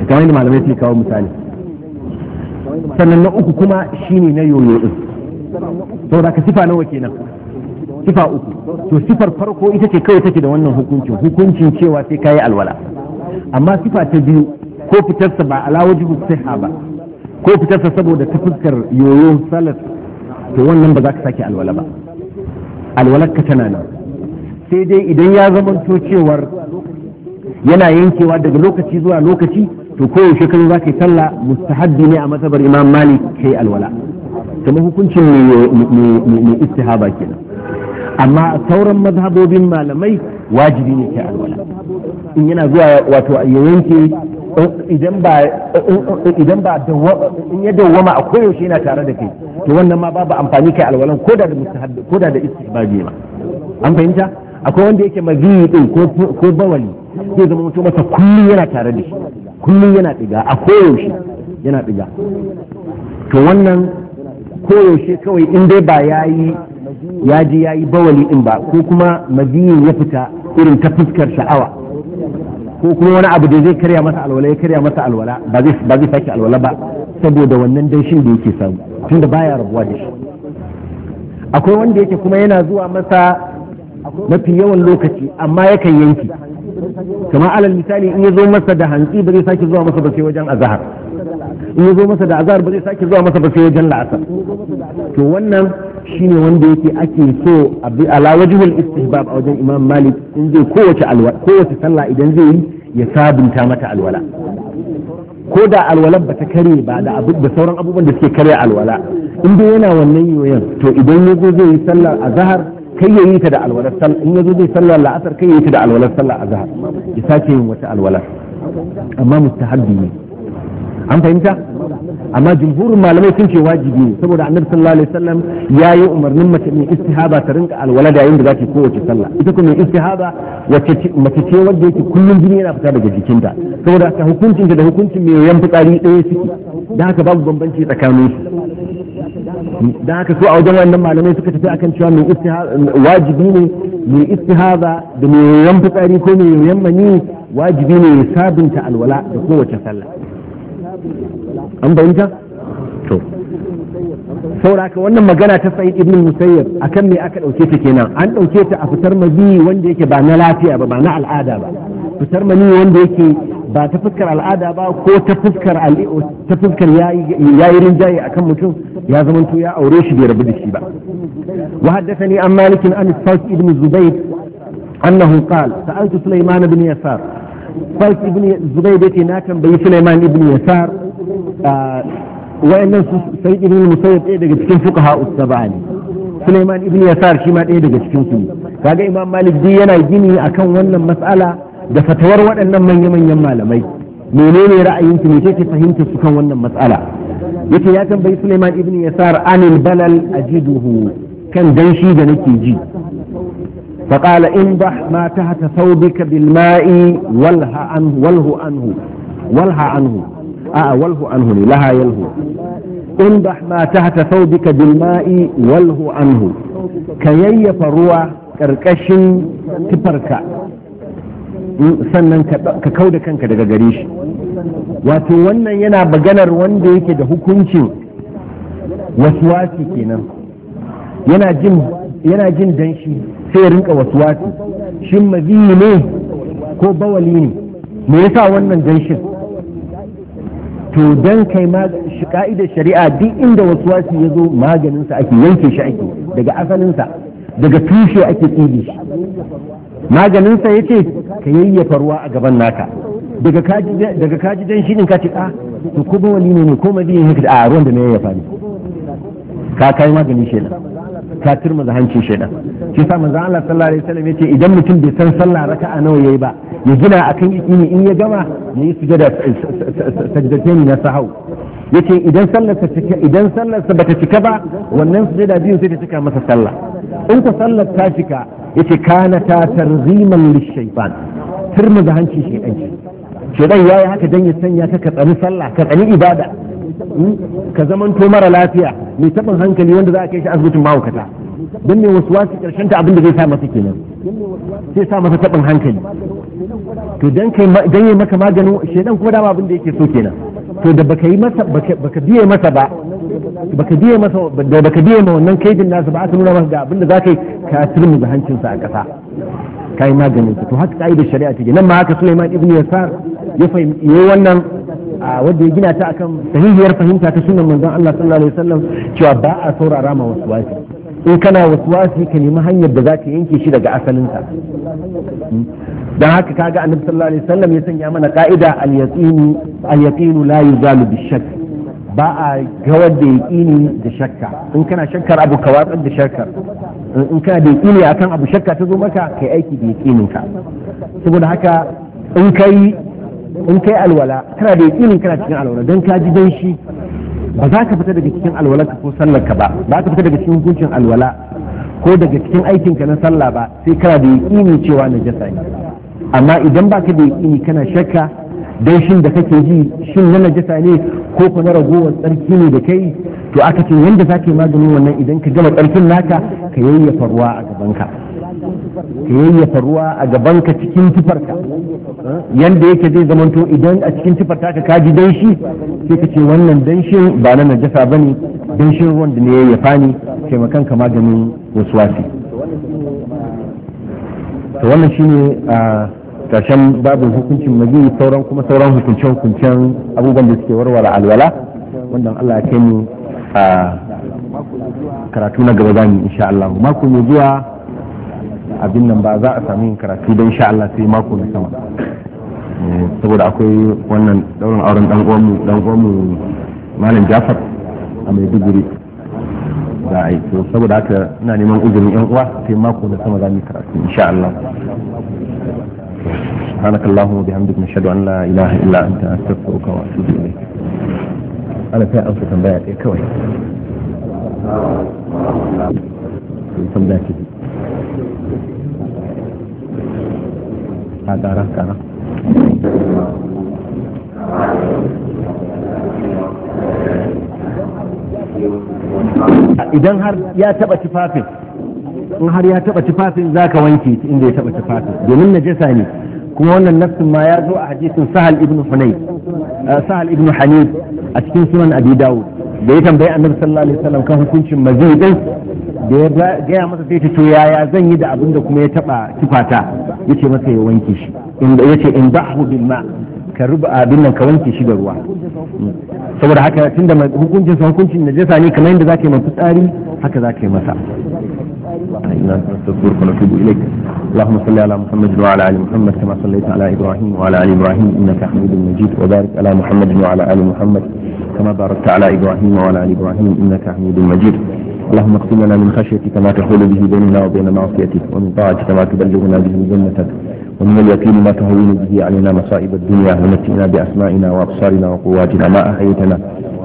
kamar yadda malamai sai kawo misali sannan na uku kuma shine na yoyo din saboda ka sifa nawa kenan sifa uku to sifar farko ita ce kawai take da wannan hukuncin hukuncin cewa sai kayi alwala amma sifa ta biyu ko fitarsa ba ala wajibu siha ba ko fitarsa saboda ta fuskar yoyo salat to wannan ba za ka sake alwala ba alwalarka tana nan sai dai idan ya zamanto cewar yana yankewa daga lokaci zuwa lokaci to koyaushe kan za ka yi sallah mustahabbi ne a matsabar imam malik kai alwala kamar hukuncin mai istihaba kenan amma sauran mazhabobin malamai wajibi ne kai alwala in yana zuwa wato ya yanke idan ba in ya dawwama a koyaushe yana tare da kai to wannan ma babu amfani kai alwalan ko da da mustahabbi ko da da istihbabi ma an fahimta akwai wanda yake mazini din ko bawali zai zama mutum masa kullum yana tare da shi kullum yana diga a koyaushe yana diga to wannan koyaushe kawai in dai ba yayi ya ji yayi bawali din ba ko kuma maziyin ya fita irin ta fuskar sha'awa ko kuma wani abu da zai karya masa alwala ya karya masa alwala ba zai ba zai sake alwala ba saboda wannan danshin da yake samu tunda baya rabuwa da shi akwai wanda yake kuma yana zuwa masa mafi yawan lokaci amma yakan yanki kamar alal misali in ya zo masa da hantsi ba zai sake zuwa masa ba sai wajen azahar in ya zo masa da azahar ba zai sake zuwa masa ba sai wajen la'asar to wannan shine wanda yake ake so ala wajhul istihbab a wajen imam malik in zai kowace alwala kowace sallah idan zai yi ya sabunta mata alwala ko da alwala ba ta kare ba da abu da sauran abubuwan da suke kare alwala in dai yana wannan yoyon to idan ya zo zai yi sallar azhar kai ya yi ta da alwalar sallar. in ya zo zai sallar la'asar kai ya yi ta da alwalar sallar azhar ya sake yin wata alwala amma mustahabbi ne an fahimta amma jumhurin malamai sun ce wajibi ne saboda annabi sallallahu alaihi wasallam ya yi umarnin mace mai istihaba ta rinka alwala da yayin da zaki kowace sallah ita kuma mai istihaba wacce mace ce wanda yake kullum jini yana fita daga jikinta saboda haka hukuncin da hukuncin mai yan fitsari ɗaya suke dan haka babu bambanci tsakanin su dan haka so a wajen wannan malamai suka tafi akan cewa mai istihaba wajibi ne mai istihaba da mai yan fitsari ko mai yan mani wajibi ne ya sabunta alwala da kowace sallah an bayyana to sauraka wannan magana ta sa'id ibn musayyib akan me aka dauke ta kenan an dauke ta a fitar mani wanda yake ba na lafiya ba ba na al'ada ba fitar mani wanda yake ba ta fuskar al'ada ba ko ta fuskar ta fuskar yayi rinjaye akan mutum ya zamanto ya aure shi bai rabu da shi ba wa haddathani an malik an sa'id ibn zubayr annahu qala sa'altu sulaiman ibn yasar sa'id ibn zubayr yace na tambayi sulaiman ibn yasar su sai ibn musayyib ɗaya daga cikin fuqaha usaba ne Suleiman ibn Yasar shi ma ɗaya daga cikin su kaga Imam Malik dai yana gini akan wannan mas'ala da fatawar waɗannan manya-manyan malamai menene ra'ayin ne take fahimtar su kan wannan mas'ala yace ya tambayi Suleiman ibn Yasar anil balal ajiduhu kan danshi da nake ji فقال انضح ما تحت ثوبك بالماء والها عنه والهو عنه والها عنه a'a walhu anhu ne laha yalhu indah ma tahta thawbika bil walhu anhu ka yayyafa ruwa karkashin tifarka sannan ka kauda kanka daga gare shi wato wannan yana maganar wanda yake da hukuncin waswasi kenan yana jin yana jin danshi sai ya rinka waswasi shin maziyi ne ko bawali ne me yasa wannan danshin to don kai shi ka'idar shari'a duk inda wasu wasu ya zo maganinsa ake yanke shi ake daga asalinsa daga tushe ake tsibi shi maganinsa ya ce ka yayyafa ruwa a gaban naka daga kaji dan shi ka ce a ah, to ko ba wani ne ko madina ne ka a ah, ruwan da na yayyafa ne ka kai maganin shi ta turmuza hancin shaidan shi sa manzo Allah sallallahu alaihi wasallam yace idan mutum bai san sallah raka'a nawa yayi ba ya gina akan yaqini in ya gama yayi sujada sajdatain na sahau yace idan sallar ta cika idan sallar ta bata cika ba wannan sujada biyu sai ta cika masa sallah in ka sallar ta cika yace kana ta tarziman lishaytan turmuza hancin shaidan shaidan yayi haka dan ya sanya ka ka tsani sallah ka tsani ibada ka zaman to mara lafiya mai taɓin hankali wanda za a kai shi asibitin mahaukata don mai wasu wasu ƙarshen ta abin da zai sa masa kenan sai sa masa taɓin hankali to dan kai dan yi maka shi shedan ko dama abin da yake so kenan to da baka yi masa baka biye masa ba baka biye masa da baka biye ma wannan kaidin nasu ba aka nuna masa ga abin da ka yi ka turmi da hancinsa a ƙasa yi maganin to haka ka yi da shari'a take nan ma haka Sulaiman ibn Yasar ya fahimci yayi wannan wanda ya gina ta akan sahihiyar fahimta ta sunan manzon Allah sallallahu alaihi wasallam cewa ba a saurara ma wasi, in kana wasi ka nemi hanyar da za ka yanke shi daga asalinsa dan haka kaga annabi sallallahu alaihi wasallam ya sanya mana ka'ida al-yaqinu al-yaqinu la yuzalu bi-shakk ba a gawar da yaqini da shakka in kana shakkar abu ka watsar da shakkar in kana da yaqini akan abu shakka ta zo maka kai aiki da yaqinin ka saboda haka in kai in kai alwala kana da yakinin kana cikin alwala don ka ji shi ba za ka fita daga cikin alwalarka ko sallarka ba ba ka fita daga cikin hukuncin alwala ko daga cikin aikinka na sallah ba sai kana da yakinin cewa na jasa ne amma idan ba ka da yakini kana shakka shin da kake ji shin na najasa ne ko kuma ragowar tsarki ne da kai to aka ce yanda za ka yi maganin wannan idan ka gama tsarkin naka ka yayyafa ruwa a gaban ka. ka yayyafa ruwa a gabanka cikin tufarka yanda yake zai zamanto idan a cikin tufar ka ji danshi sai ka ce wannan danshin ba na najasa ba ne danshin ruwan da ne yayyafa ne taimakon ka maganin wasuwasi to wannan shine a kashan babin hukuncin mazi sauran kuma sauran hukuncin hukuncen abubuwan da suke warware alwala wannan Allah ya kai a karatu na gaba zamu insha Allah mako mai zuwa abin nan ba za a sami yin karatu don sha Allah sai mako na sama saboda akwai wannan daurin auren dan uwanmu dan uwanmu malam Jafar a Maiduguri za a yi to saboda haka ina neman uzurin yan uwa sai mako na sama za mu karatu insha Allah سبحانك اللهم وبحمدك نشهد ان لا اله الا انت استغفرك واتوب اليك ana sai amsa tambaya ɗaya kawai tambaya ce Kadara, kadara. Idan har ya taɓa tufafin, in har ya taɓa tufafin za ka wanke inda ya taɓa tufafin, domin najasa ne, kuma wannan nafsin ma ya zo a hadisin Sahal ibn Hunay, Sahal ibn Hanif a cikin sunan Abi Dawud, da ya tambayi annabi sallallahu alaihi wasallam kan hukuncin mazi din da ya gaya masa sai ta ya yaya zan yi da abin da kuma ya taba tufata ya ce masa ya wanke shi ya ce in ba'ahu bil ma ka ruba abin nan ka wanke shi da ruwa saboda haka tunda hukuncin sa hukuncin najasa ne kamar yadda zaka yi masa tsari haka zaka yi masa اللهم صل على محمد وعلى آل محمد كما صليت على إبراهيم وعلى آل إبراهيم إنك حميد مجيد وبارك على محمد وعلى آل محمد كما باركت على إبراهيم وعلى آل إبراهيم إنك حميد مجيد اللهم اغفر لنا من خشيتك ما تحول به بيننا وبين معصيتك ومن طاعتك ما تبلغنا به جنتك ومن اليقين ما تهون به علينا مصائب الدنيا ومتعنا بأسمائنا وأبصارنا وقواتنا ما أحييتنا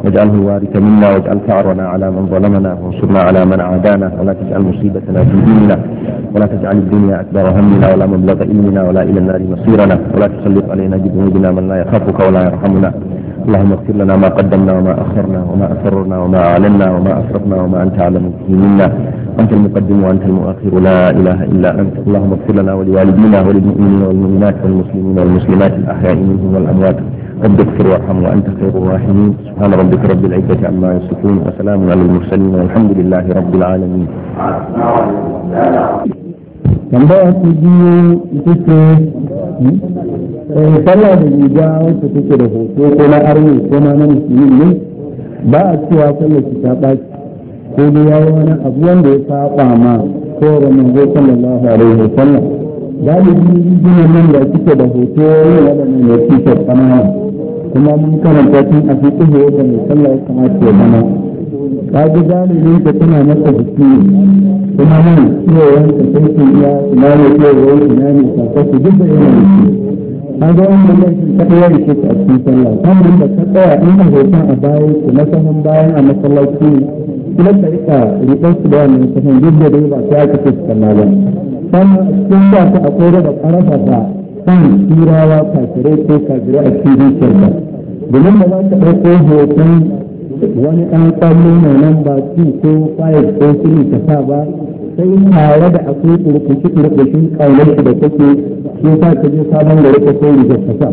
واجعله الوارث منا واجعل ثأرنا على من ظلمنا وانصرنا على من عادانا ولا تجعل مصيبتنا في ديننا ولا تجعل الدنيا أكبر همنا ولا مبلغ علمنا ولا إلى النار مصيرنا ولا تسلط علينا بذنوبنا من لا يخافك ولا يرحمنا اللهم اغفر لنا ما قدمنا وما أخرنا وما أسررنا وما أعلنا وما أسرفنا وما أنت أعلم به منا أنت المقدم وأنت المؤخر لا إله إلا أنت اللهم اغفر لنا ولوالدينا وللمؤمنين والمؤمنات والمسلمين والمسلمات الأحياء منهم والأموات رب اغفر وارحم وأنت خير الراحمين سبحان ربك رب العزة عما يصفون وسلام على المرسلين والحمد لله رب العالمين Eh, sallah da riga wacce take da hoto ko na arni ko na na musulmi ne ba a cewa sallar ki ta ɓaci ko da ya yi wani abu wanda ya saba ma ko da manzo sallallahu alaihi wa sallam babu jinin nan da kike da hoto yana da mai t-shirt kuma mun karanta tun a cikin da mai sallah ya kamata ya zama ka ji galibin ka tana masa jiki kuma nan ciwon ka sai ki iya ina ne ciwon ka kasu duk da yana jiki an ga wani mutum ta ɗaya da ke a cikin sallah kan da ta tsaya in da hoton a baya ku masahan bayan a masallaci kuma ta rika riƙar su da wannan sahan duk da dai ba ta yi ce su sallah ba sannan a ba ta akwai raba ƙarafa ba kan turawa kafirai ko kafirai a cikin zuciyar ba domin ba za ta ɗauko hoton wani ɗan kwallo mai nan ba ko fayil ko sirri ta sa ba sai tare da akwai kurkushi kurkushin kaunar da kake shi sa ta je sabon gari ta sai rigar ta sa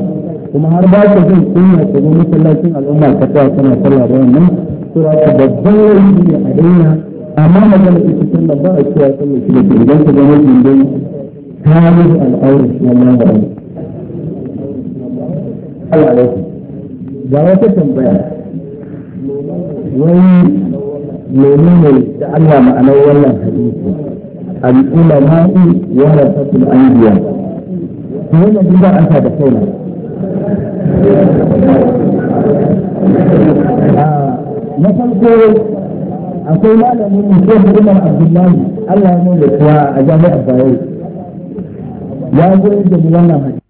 kuma har ba ka jin kunya ta zo masallacin al'umma ta kawo tana sallah da wannan sura ta babban wani ne a daina amma magana ita tun da ba a cewa sallah shi da ke idan ta zama jindai ta yi al'aurar shi wannan da wani. Allah Ga wata tambaya. Wai menene da Allah ma'anar wannan hadisi al-ulama'i warasatul anbiya wannan din ba an da kaina ah, na farko akwai malamin mu ko Umar Abdullahi Allah ya nuna kuwa a jami'ar Bayero ya goyi da mu wannan hadisi